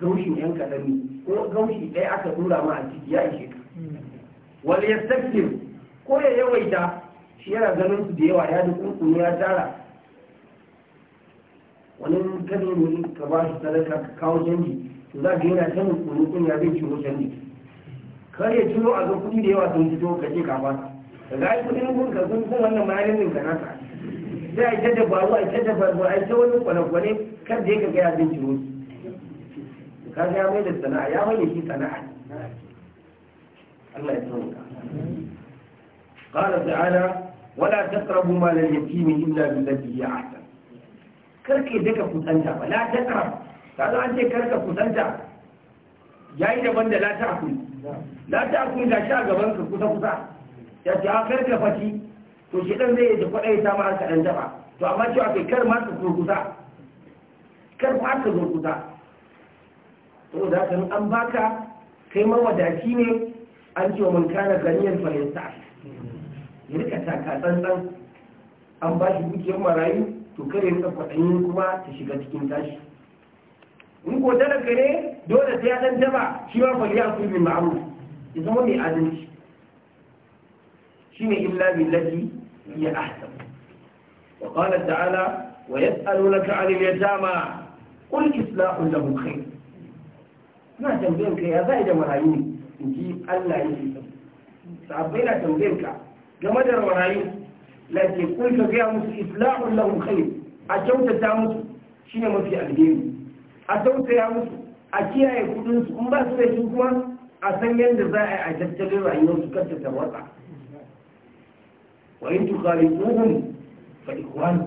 [SPEAKER 1] gaushin yan kadan ne ko gaushi ɗaya aka dura ma a ciki ya ishe ka wal yastakil ko ya yawaita shi yana ganin su da yawa ya da kunkunu ya tara wani kada ne ka ba shi sadaka ka kawo canji to za ka yana can kunkunu ya zai ciwo canji kar ya ciro a ga kuɗi da yawa sun fito ka kaje ka ba ka ga ai kuɗin gun ka gun kun wannan mayanin din ka sai a ba babu a jadda babu a ta wani kwale-kwale kar da ya ka gaya zai ciro ka ga ya mai da sana'a ya mai shi sana'a Allah ya tsawuka قال تعالى ولا تقربوا مال اليتيم الا بالتي هي Kar karke daga kusanta ba la taqrab kaga an ce karka kusanta yayi daban da la ta'kul da ta kun ga sha gaban ka kusa kusa ya ce kar ka fashi to shi dan zai yi kwadai ta ma ka dan daba to amma cewa kai kar ma ka kusa kar ma ka zo kusa to da kan an baka kai mawadaci ne an ce mun kana ganiyar falinsa ya rika taka tsantsan an ba shi dukiyar marayu to kare rika kwaɗayin kuma ta shiga cikin tashi in ko talaka ne dole sai ya dan taba shi ma fa ya su min ma'ruf ya zama mai adalci shine illa billati ya ahsan wa qala ta'ala wa yas'alunaka 'anil yatama qul islahu lahu khair na tambayan ka ya zai da marayu in ji Allah ya ce sabai na tambayan ka game da marayu lakin kun ka ga musu islahu lahu khair a kyautata musu shine mafi alheri a ya musu a kiyaye kudin su in ba su da kuma a san yadda za a yi a tattalin rayuwar su kar ta wata wa in tukhalifuhum fa ikhwan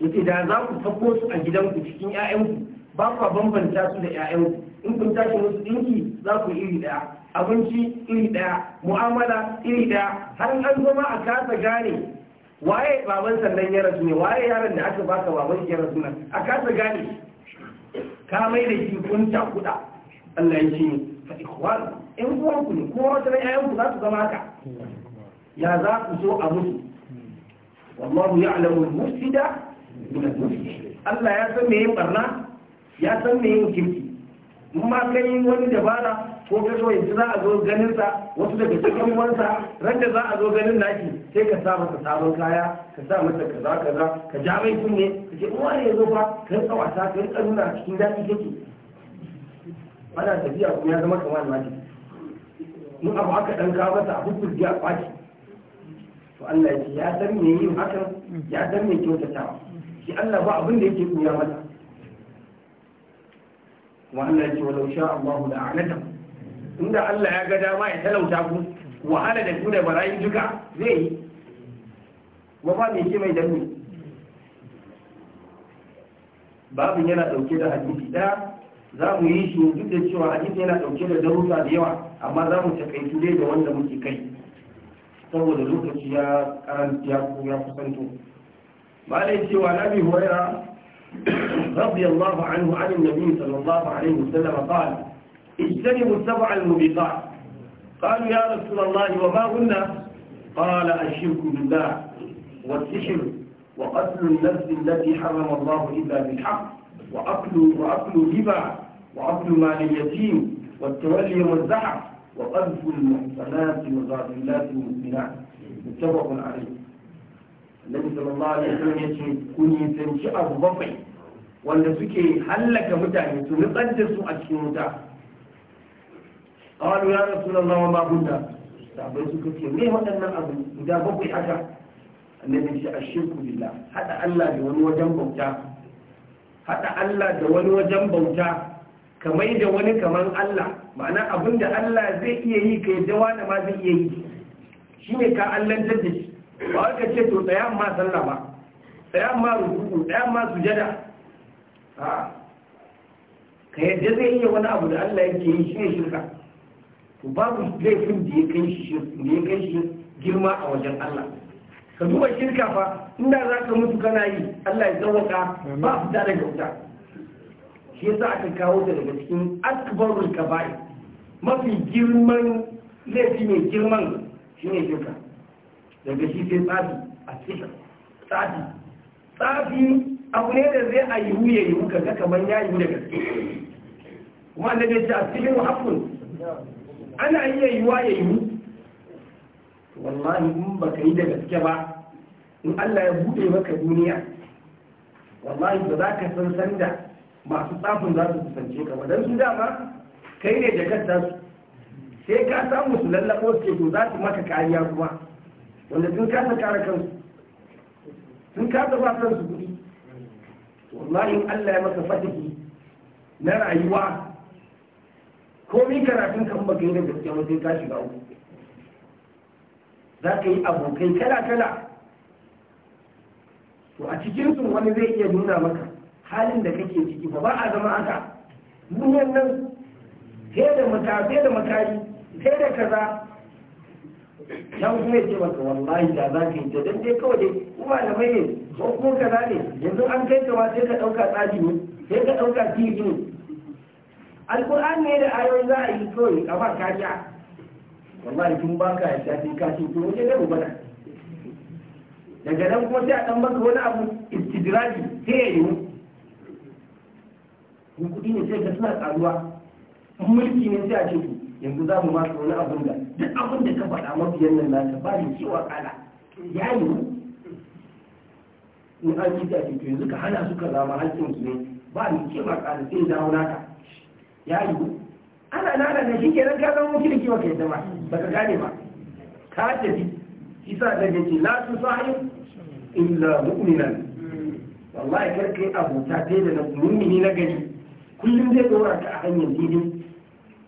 [SPEAKER 1] da za ku sako su a gidanku cikin yayanku ba ku bambanta su da yayanku in kun tashi musu dinki za ku iri daya abinci iri daya mu'amala iri daya har an zama a kasa gane waye baban sannan ya rasu ne waye yaron da aka baka baban ya rasu nan a kasa gane ka mai da shi kun kuda Allah ya ce fa ikhwan in ku ku ne ko wata ran ƴaƴan za su zama haka ya za ku so a mutu wallahu ya'lamu al-mufsida min al Allah ya san me yin barna ya san me yin kirki mun ma kai wani dabara ko ka zo yanzu za a zo ganin sa wasu daga cikin wansa ran da za a zo ganin naki sai ka sa masa sabon kaya ka sa masa kaza kaza ka ja mai kunne ka ce uwa ne zo fa ka rika wasa ka rika nuna cikin daɗi kake ana tafiya kuma ya zama kamar mati mun abu aka dan ka masa a hukunci a kwaki to Allah ya ce ya san me yin hakan ya san me kyautatawa shi Allah ba abin da yake koya masa kuma Allah ya ce walau sha Allahu la'anatahu tunda Allah ya ga dama ya talauta ku wahala da ku barayi duka zai yi wa ba mai ce mai danni babin yana dauke da hadisi da za mu yi shi duk da cewa hadisi yana dauke da darussa da yawa amma za mu takaitu dai da wanda muke kai saboda lokaci ya karanta ya kusanto malai cewa nabi huraira رضي الله عنه عن النبي صلى الله عليه وسلم قال اجتنبوا السبع الموبقات قالوا يا رسول الله وما قلنا قال الشرك بالله والسحر وقتل النفس التي حرم الله إلا بالحق وأكل وأكل الربا وأكل مال اليتيم والتولي والزحف وقذف المحصنات والغافلات المؤمنات متفق عليه النبي صلى الله عليه وسلم يشهد كن يتنشئ الضفع wanda suke hallaka mutane متى nutsar da su qalu ya rasulullah wa ma kunna sahabbai suka ce me waɗannan abu guda bakwai haka annabi ce ashirku billah hada Allah da wani wajen bauta hada Allah da wani wajen bauta kamar da wani kamar Allah ma'ana da Allah zai iya yi kai da wani ma zai iya yi shine ka allantar da shi ba ka ce to tsaya ma sallah ba tsaya ma ruku tsaya ma sujada a ka yadda zai iya wani abu da Allah yake yi shi ne shirka to babu laifin da ya kai shi da ya kai shi girma a wajen Allah ka duba shirka fa inda za ka mutu kana yi Allah ya zawaka ba su da daga wuta shi yasa aka kawo ta daga cikin akbarul kaba'i mafi girman laifi mai girman shine shirka daga shi sai tsafi a cikin tsafi tsafi abu ne da zai a yiwu ya yiwu ka ga kamar ya yiwu da gaske kuma annabi ya ce a cikin haƙƙun ana iya wa ya yiwu wallahi in baka yi da gaske ba in Allah ya bude maka duniya wallahi ba za ka san sanda masu tsafin za su kusance ka wadan su dama kai ne da kanta su sai ka samu su lallabo su to za su maka kariya kuma wanda sun kasa kare kansu sun kasa ba kansu kuɗi wallahi in Allah ya maka fatihi na rayuwa komai karatun kan baka yi da gaske wajen ka shiga uku za ka yi abokai kala-kala to a cikinsu wani zai iya nuna maka halin da kake ciki ba ba a zama haka duniyan nan sai da matafi da makari sai da kaza yan kuma ce maka wallahi da za ka yi ta dan dai kawai dai kuma da mai ne ko kuma kaza ne yanzu an kai ka sai ka ɗauka tsari ne sai ka ɗauka tiri ne Alƙuran ne da ayoyi za a yi kawai ba ka amma wallahi tun ba ka yadda sai ka ce to waje gaba bana daga nan kuma sai a ɗan baka wani abu istidiraji ta ya yi mu kuɗi ne sai ka suna ƙaruwa mulki ne sai a ce to yanzu za mu masu wani abun da duk abun da ka faɗa mafiyan nan naka ba ni cewa kala ya yi in an yi ta to yanzu ka hana su ka zama hakkinsu ne ba ni cewa kala sai dawo naka ya yi ana nana da shi kenan ka zama kirki wa kai zama ba ka gane ba ka tafi isa da yake la tu sahi illa mu'minan wallahi kar kai abuta dai da mu'mini na gari kullum zai dora ka a hanyar didin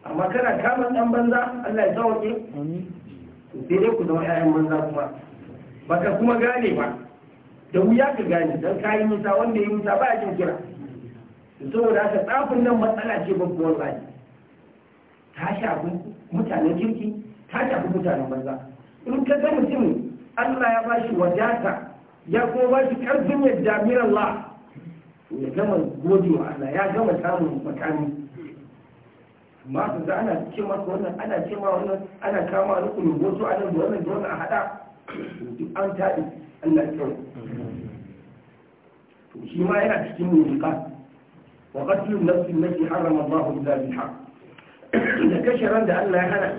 [SPEAKER 1] amma kana kama dan banza Allah ya sauke sai dai ku zama ƴaƴan banza kuma baka kuma gane ba da wuya ka gane dan kayi nisa wanda ya nisa ba ya jin kira saboda haka tsafin nan matsala ce babbuwar baki ta shafi mutanen kirki ta shafi mutanen banza in ka ga mutum Allah ya bashi wadata ya kuma shi karfin yadda min Allah ya gama gode wa Allah ya gama samun makami amma su da ana ce masa wannan ana ce ma wannan ana kama wani kulubosu a nan da wannan da wannan a haɗa duk an taɗi Allah ya kyau to shi ma yana cikin mutuƙa wa qatlun nafsin lati harrama Allah illa da kashe ran da Allah ya hana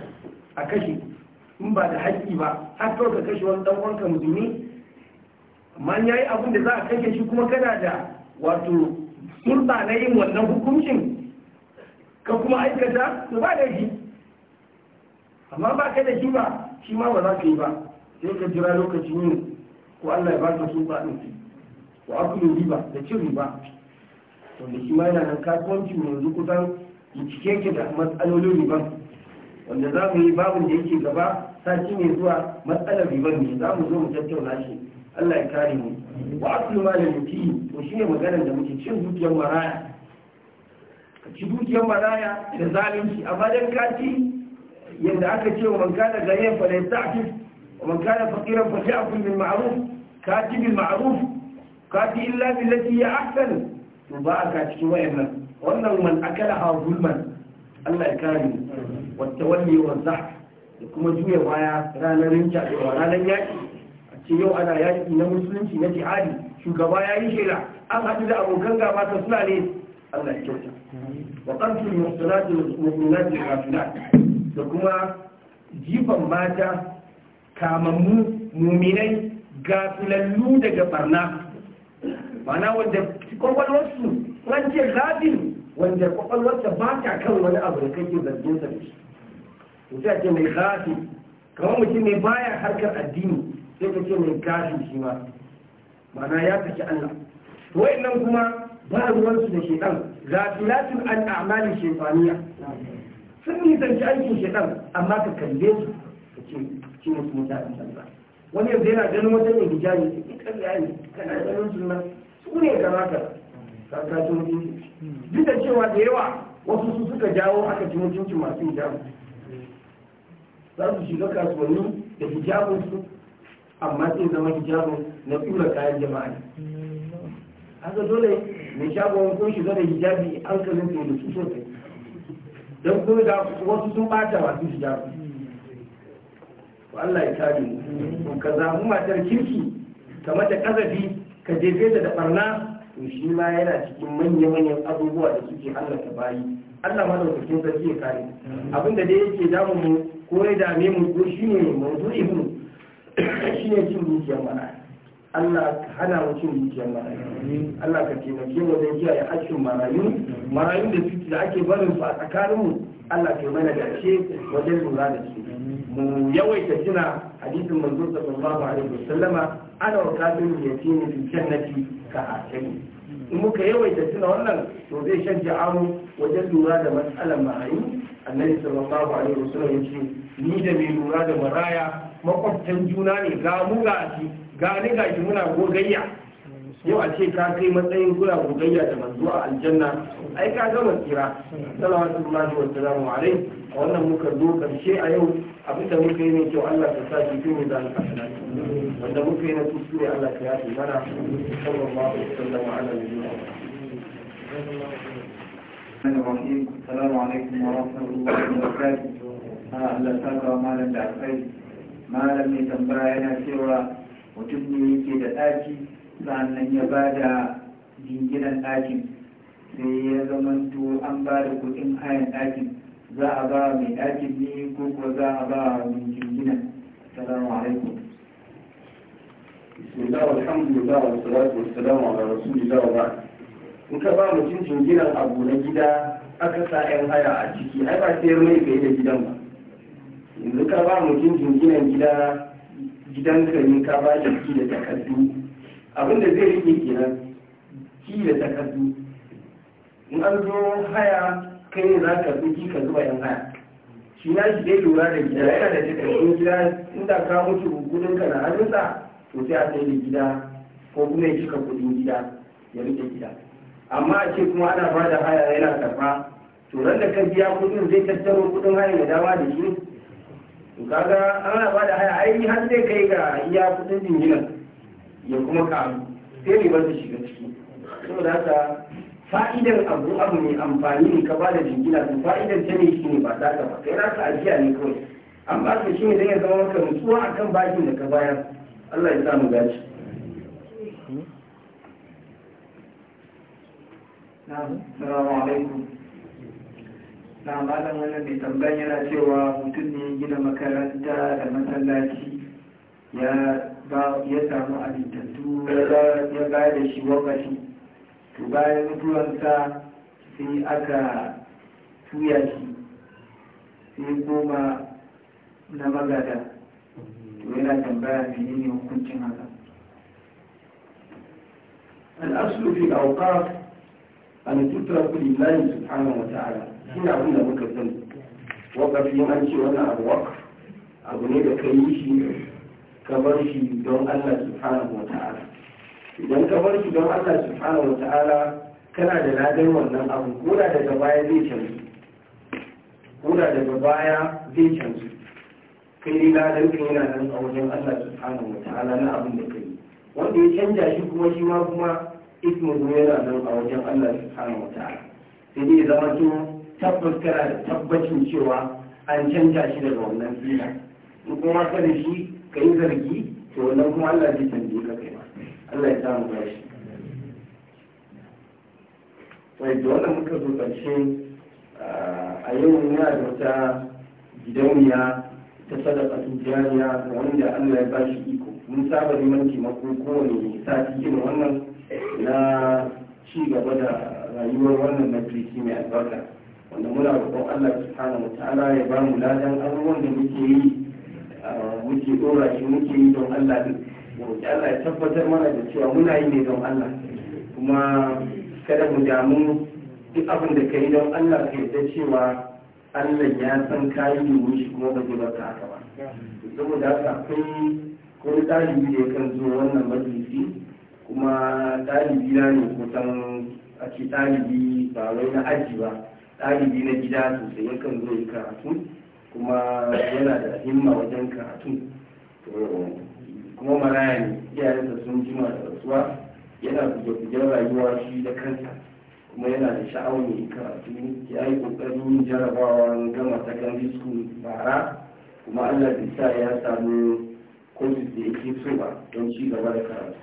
[SPEAKER 1] a kashe in ba da haƙƙi ba har kawai ka kashe wani dan uwanka musulmi amma yayi abin da za a kashe shi kuma kana da wato sulba na yin wannan hukuncin ka kuma aikata to ba da shi amma ba ka da shi ba shi ma ba za ka yi ba sai ka jira lokacin yin ko Allah ya ba ka sulba din wa akulu riba da cin riba wanda shi ma yana nan kasuwanci yanzu kusan cike ke da matsalolin riban wanda za mu yi babin da yake gaba ci ne zuwa matsalar riban ne za mu zo mu tattauna shi Allah ya kare mu wa aslu ma da mutum to ne maganar da muke cin dukiyar maraya ka ci dukiyar maraya da zalunci amma dan ka ci yadda aka ce wa man kana gare fa lai ta'tif wa man kana faqiran fa ta'kul bil ma'ruf ka ci bil ma'ruf ka ci illa billati ya ahsan to ba a ka cikin wayannan wannan man akala ha zulman Allah ya kare mu wata wani wa zah da kuma juya baya ranar rinta da ranar yaki a ce yau ana yaki na musulunci na jihadi shugaba ya yi shela an haɗu da abokan gaba ta suna ne Allah ya kyauta wa qantul muhsanatu da ghafilat da kuma jifan mata kamammu muminai gafilallu daga barna mana wanda kwakwalwarsu su ce rabin wanda kwakwalwarsa ba ta kan wani abu da kake zargin sa da shi ya ce mai zafi kamar mutum ne baya harkar addini sai ka ce mai gafi shi ma mana ya kaci Allah wai nan kuma ba ruwansu da shekan gafilatul an amali shefaniya sun nisanci aikin shekan amma ka kalle su ka ce cin wasu mutane canza wani yanzu yana ganin wata ne hijabi ne ƙi ƙarya ne kana ganin sunan su ne kamata kakato mutunci duk da cewa da yawa wasu su suka jawo aka ci mutuncin masu hijabu za su shiga kasuwanni da hijabinsu amma sai zama hijabun na tura kayan jama'a haka dole mai shagon kun shiga da hijabi an kanin sai da su sosai don kuma da wasu sun bata masu hijabi Allah ya kare mu kaza mu matar kirki kamar da kazafi ka jefe ta da barna to shi ma yana cikin manya-manyan abubuwa da suke Allah ta bayi Allah ma daukakin sarki ya kare abin da dai yake damu mu ko ya dame mu ko shine mawdu'i mu shine cin dukiyar mana Allah ka hana mu cin dukiyar marayu Allah ka taimake mu don kiyaye hakkin marayu marayun da suke da ake barin su a tsakaninmu Allah ka mana gashe wajen lura da su mu yawaita jina hadisin manzo sallallahu alaihi wasallama ana wa kafin yatimi fil jannati ka hatimi in muka yawaita jina wannan to zai shanje amu wajen lura da matsalar marayu annabi sallallahu alaihi wasallam ya ce ni da mai lura da maraya makwabtan juna ne ga mu ga shi gani ga shi muna gogayya yau a ce ka kai matsayin kuna gogayya da manzo a aljanna ai ka gama tsira sallallahu alaihi wa sallam alai wannan muka zo karshe a yau abin da muka yi mai kyau Allah ka sa shi cikin da alƙa wanda muka yi na kuskure Allah ka yafe mana sallallahu alaihi wa sallam ala nabiyyi Assalamu alaikum wa rahmatullahi wa barakatuh. Allah ta ga malam da akai malam ne tambaya yana cewa mutum ne yake da ɗaki sannan ya ba da jinginan ɗakin sai ya zamanto an ba da kuɗin hayan ɗakin za a ba mai ɗakin ne ko kuwa za a ba mai jinginan salamu alaikum bismillah alhamdulillah wa salatu wa salamu ala rasulillah wa ba. in ka ba mutum jinginan abu na gida aka sa yan haya a ciki ai ba sai mai bai da gidan ba yanzu ka ba mutum jinginan gida gidanka ne ka ba da ki da takardu abinda zai rike kenan ki da takardu in an zo haya kai ne za ka ki ka zuba yan haya shi na shi dai lura da gida yana da takardun gida inda ka mutu gudun ka na hannunsa to sai a sai da gida ko kuma ya cika kudin gida ya rike gida amma a ce kuma ana ba da haya yana karfa to ran da ka biya kudin zai tattaro kudin haya ya dawa da shi to kaga ana ba da haya ai har zai kai ga iya kudin jinginan ya kuma karu sai ribar ta shiga ciki saboda haka fa'idan abu abu ne amfani ne ka ba da jingina to fa'idar ta ne shi ne ba ta ba kai ta ajiya ne kawai an ba ka shi ne don ya zama maka mutuwa akan bakin da ka bayar Allah ya sa mu gaci hmm? Assalamu alaikum. na malam wannan mai tambayan yana cewa mutum ne gina makaranta da masallaci ya samu abintattu ya ba da shi wakashi to bayan mutuwansa sai aka tuya shi sai koma na magada to yana tambaya ne hukuncin haka الأصل في الأوقاف أن تترك لله سبحانه وتعالى suna abin da muka sani wakafi an ce wannan abu wakaf abu ne da ka yi shi ka bar shi don Allah subhanahu wa ta'ala idan ka bar shi don Allah subhanahu wa ta'ala kana da ladar wannan abu koda daga baya zai canzu koda daga baya zai canzu kai dai ladar ka yana nan a wajen Allah subhanahu wa ta'ala na abin da kai wanda ya canja shi kuma shi ma kuma ismu yana nan a wajen Allah subhanahu wa ta'ala sai dai zama tun tabbas kana da tabbacin cewa an canja shi daga wannan fila in kuma ka da shi ka yi zargi to wannan kuma Allah zai canje ka kai ma Allah ya mu gashi wai da wannan muka zo karshe ah, a yau yana da wata gidauniya ta sadaka da wanda Allah ya ba shi iko mun saba neman taimako kowane sati irin wannan na ci gaba da rayuwar wannan na mai albarka wanda muna roƙon Allah subhanahu wataala ya ba mu ladan abubuwan da muke yi muke dora shi muke yi don Allah din roƙi Allah ya tabbatar mana da cewa muna yi ne don Allah kuma kada mu damu duk abin da ka yi don Allah ka yarda cewa Allah ya san yi domin shi kuma ba zai baka haka ba saboda haka akwai ko ɗalibi da ya kan zo wannan majalisi kuma ɗalibi na ne kusan a ce ɗalibi ba wai na aji ba ɗalibi na gida sosai yakan zo yi karatu kuma yana da himma wajen karatu kuma maraya ne iyayensa sun jima da rasuwa yana buge rayuwa shi da kansa kuma yana da sha'awar yi karatu ya yi ƙoƙarin jarabawa gama secondary school bara kuma allah bai sa ya samu kwasu da yake so ba don ci gaba da karatu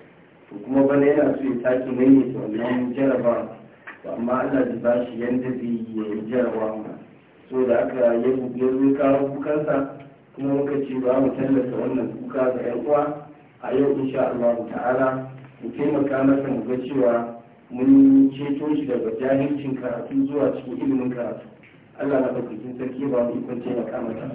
[SPEAKER 1] to kuma bana yana so ya sake maimaita wannan jarabawa amma Allah da ba shi yadda zai yi jarawa so da aka yi ya zai kawo kukansa kuma muka ce ba mu tallata wannan kuka ga yan uwa a yau in sha Allah ta'ala mu taimaka masa mu ga cewa mun ceto shi daga jahilcin karatu zuwa cikin ilimin karatu Allah na ɗaukakin sarki ba mu ikon taimaka masa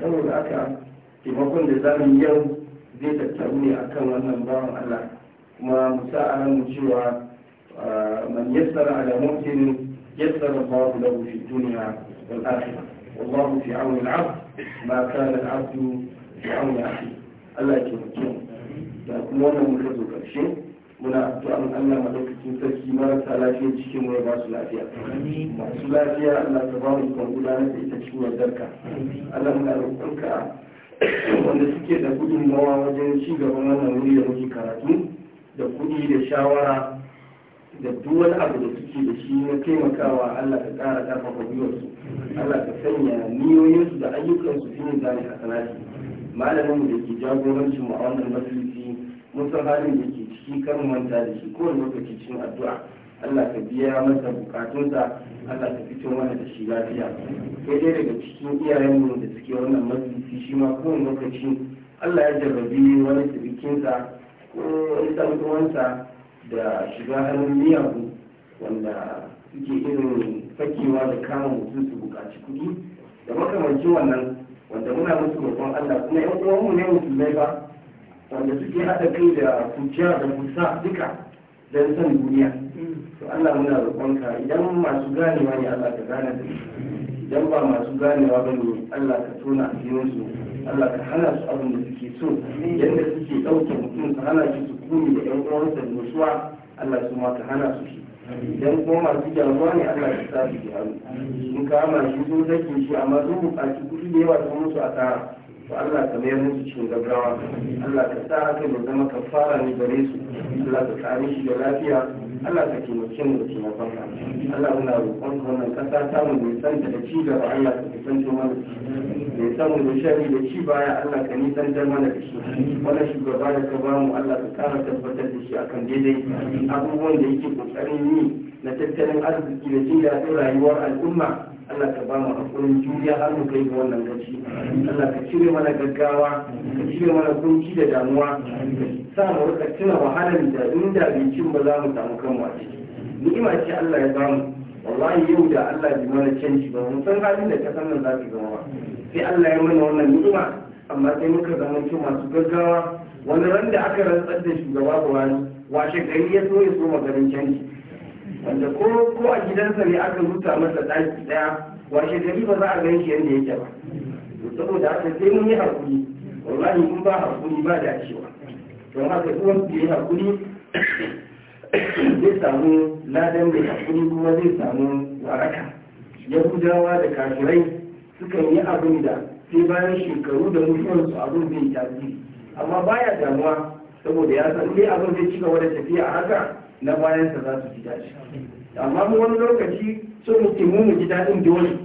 [SPEAKER 1] saboda aka taimakon da za mu yau zai tattaru ne akan wannan bawan Allah kuma mu sa a mu cewa من يسر على مؤمن يسر الله له في الدنيا والآخرة والله في عون العبد ما كان العبد في عون أخيه Allah ke mutum da kuma wannan muka zo karshe muna addu'an Allah madaukakin sarki marasa lafiya cikin mu ya ba su lafiya masu lafiya Allah ka ba mu kan gudanar da ita cikin yardarka Allah muna roƙonka wanda suke da gudunmawa wajen ci gaban wannan wuri da muke karatu da kuɗi da shawara da duk abu da suke da shi na taimakawa Allah ka ƙara ƙarfafa gwiwarsu Allah ka sanya niyoyinsu da ayyukansu su yin zane sanashi malamin da ke jagorancin mu a wannan majalisi mun halin da ke ciki kan manta da shi kowane lokaci cikin addu'a Allah ka biya masa bukatunsa Allah ka fito mana da shi lafiya sai dai daga cikin iyayenmu da suke wannan masulci shi ma kowane lokaci Allah ya jarrabi wani tsibikinsa ko wani ɗan da shiga halin miyagu wanda suke irin fakewa da kama mutum su bukaci kuɗi da makamancin wannan wanda muna musu roƙon Allah kuma ƴan uwanmu ne musulmai ba wanda suke haɗa kai da kuciya da kusa duka don san duniya to Allah muna roƙonka idan masu ganewa ne Allah ka gane da idan ba masu ganewa ba ne Allah ka tona su Allah ka hana su abin da suke so yadda suke ɗauke mutum su hana shi su kuni da ƴan uwan da musuwa Allah su ma ka hana su shi idan kuma masu gyaruwa ne Allah ka sa su gyaru in kama shi sun sake shi amma sun buƙaci kuɗi da yawa su a asara to Allah ka mayar musu cikin gaggawa Allah ka sa haka da zama kafara ne gare su Allah ka kare shi da lafiya Allah ka mace mu da taimakonka Allah muna roƙon ka wannan ƙasa ta mu mai santa da ci gaba Allah ka kusance mana mai san mu da shari da ci baya Allah ka ni nisantar mana da shi Wani shugaba da ka bamu Allah ka kara tabbatar da shi a kan daidai abubuwan da yake ƙoƙarin yi na tattalin arziki da jiya daɗin rayuwar al'umma Allah ka ba mu hakurin juriya har mu kai wannan gaci Allah ka cire mana gaggawa ka cire mana kunci da damuwa sa mu rika tuna wahalar da inda bincin ba za mu samu kanmu a ciki ni'ima ce Allah ya ba mu wallahi yau da Allah bai mana canji ba mun san halin da kasan nan za ta zama ba sai Allah ya mana wannan ni'ima amma sai muka zama cikin masu gaggawa wani randa aka rantsar da shugaba Buhari washe gari ya so ya so maganin canji wanda ko ko a gidansa ne aka ruta masa ɗaki ɗaya washe gari ba za a gan shi yadda yake ba saboda haka sai mun yi hakuri wallahi in ba hakuri ba da cewa don haka duk wanda ya yi zai samu ladan mai hakuri kuma zai samu waraka yahudawa da kafirai sukan yi abin da sai bayan shekaru da mutuwarsu abin zai tasiri amma baya damuwa saboda ya san sai abin zai ci gaba da tafiya haka na bayansa za su ji daji amma mu wani lokaci so muke mu mu ji daɗin dole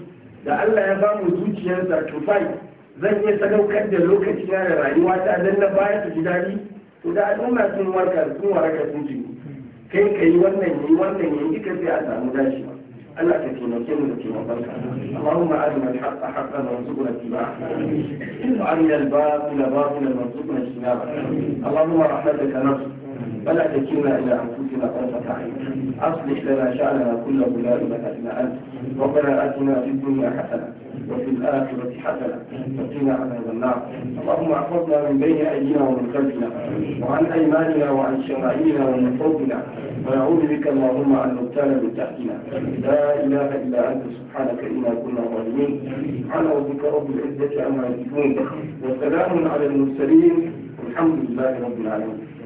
[SPEAKER 1] da Allah ya ba bamu zuciyar sacrifice zan iya sadaukar da lokaci na da rayuwa ta dan na baya su ji daɗi to da al'umma sun warkar sun warka sun ji kai ka yi wannan yi wannan yi duka sai a samu dashi Allah ka taimake mu da taimakon ka Allahumma arina al-haqqa haqqan warzuqna ittiba'ah wa arina al-batila batilan warzuqna ijtinabah Allahumma rahmataka nasr فلا تكلنا إلى أنفسنا طرفة عين أصلح لنا شأننا كله لا إله إلا أنت ربنا آتنا في الدنيا حسنة وفي الآخرة حسنة وقنا عذاب النار اللهم احفظنا من بين أيدينا ومن خلفنا وعن أيماننا وعن شمائلنا ومن فوقنا ونعوذ بك اللهم أن نبتلى من تحتنا لا إله إلا أنت سبحانك إنا كنا ظالمين سبحان ربك رب العزة عما يصفون وسلام على المرسلين والحمد لله رب العالمين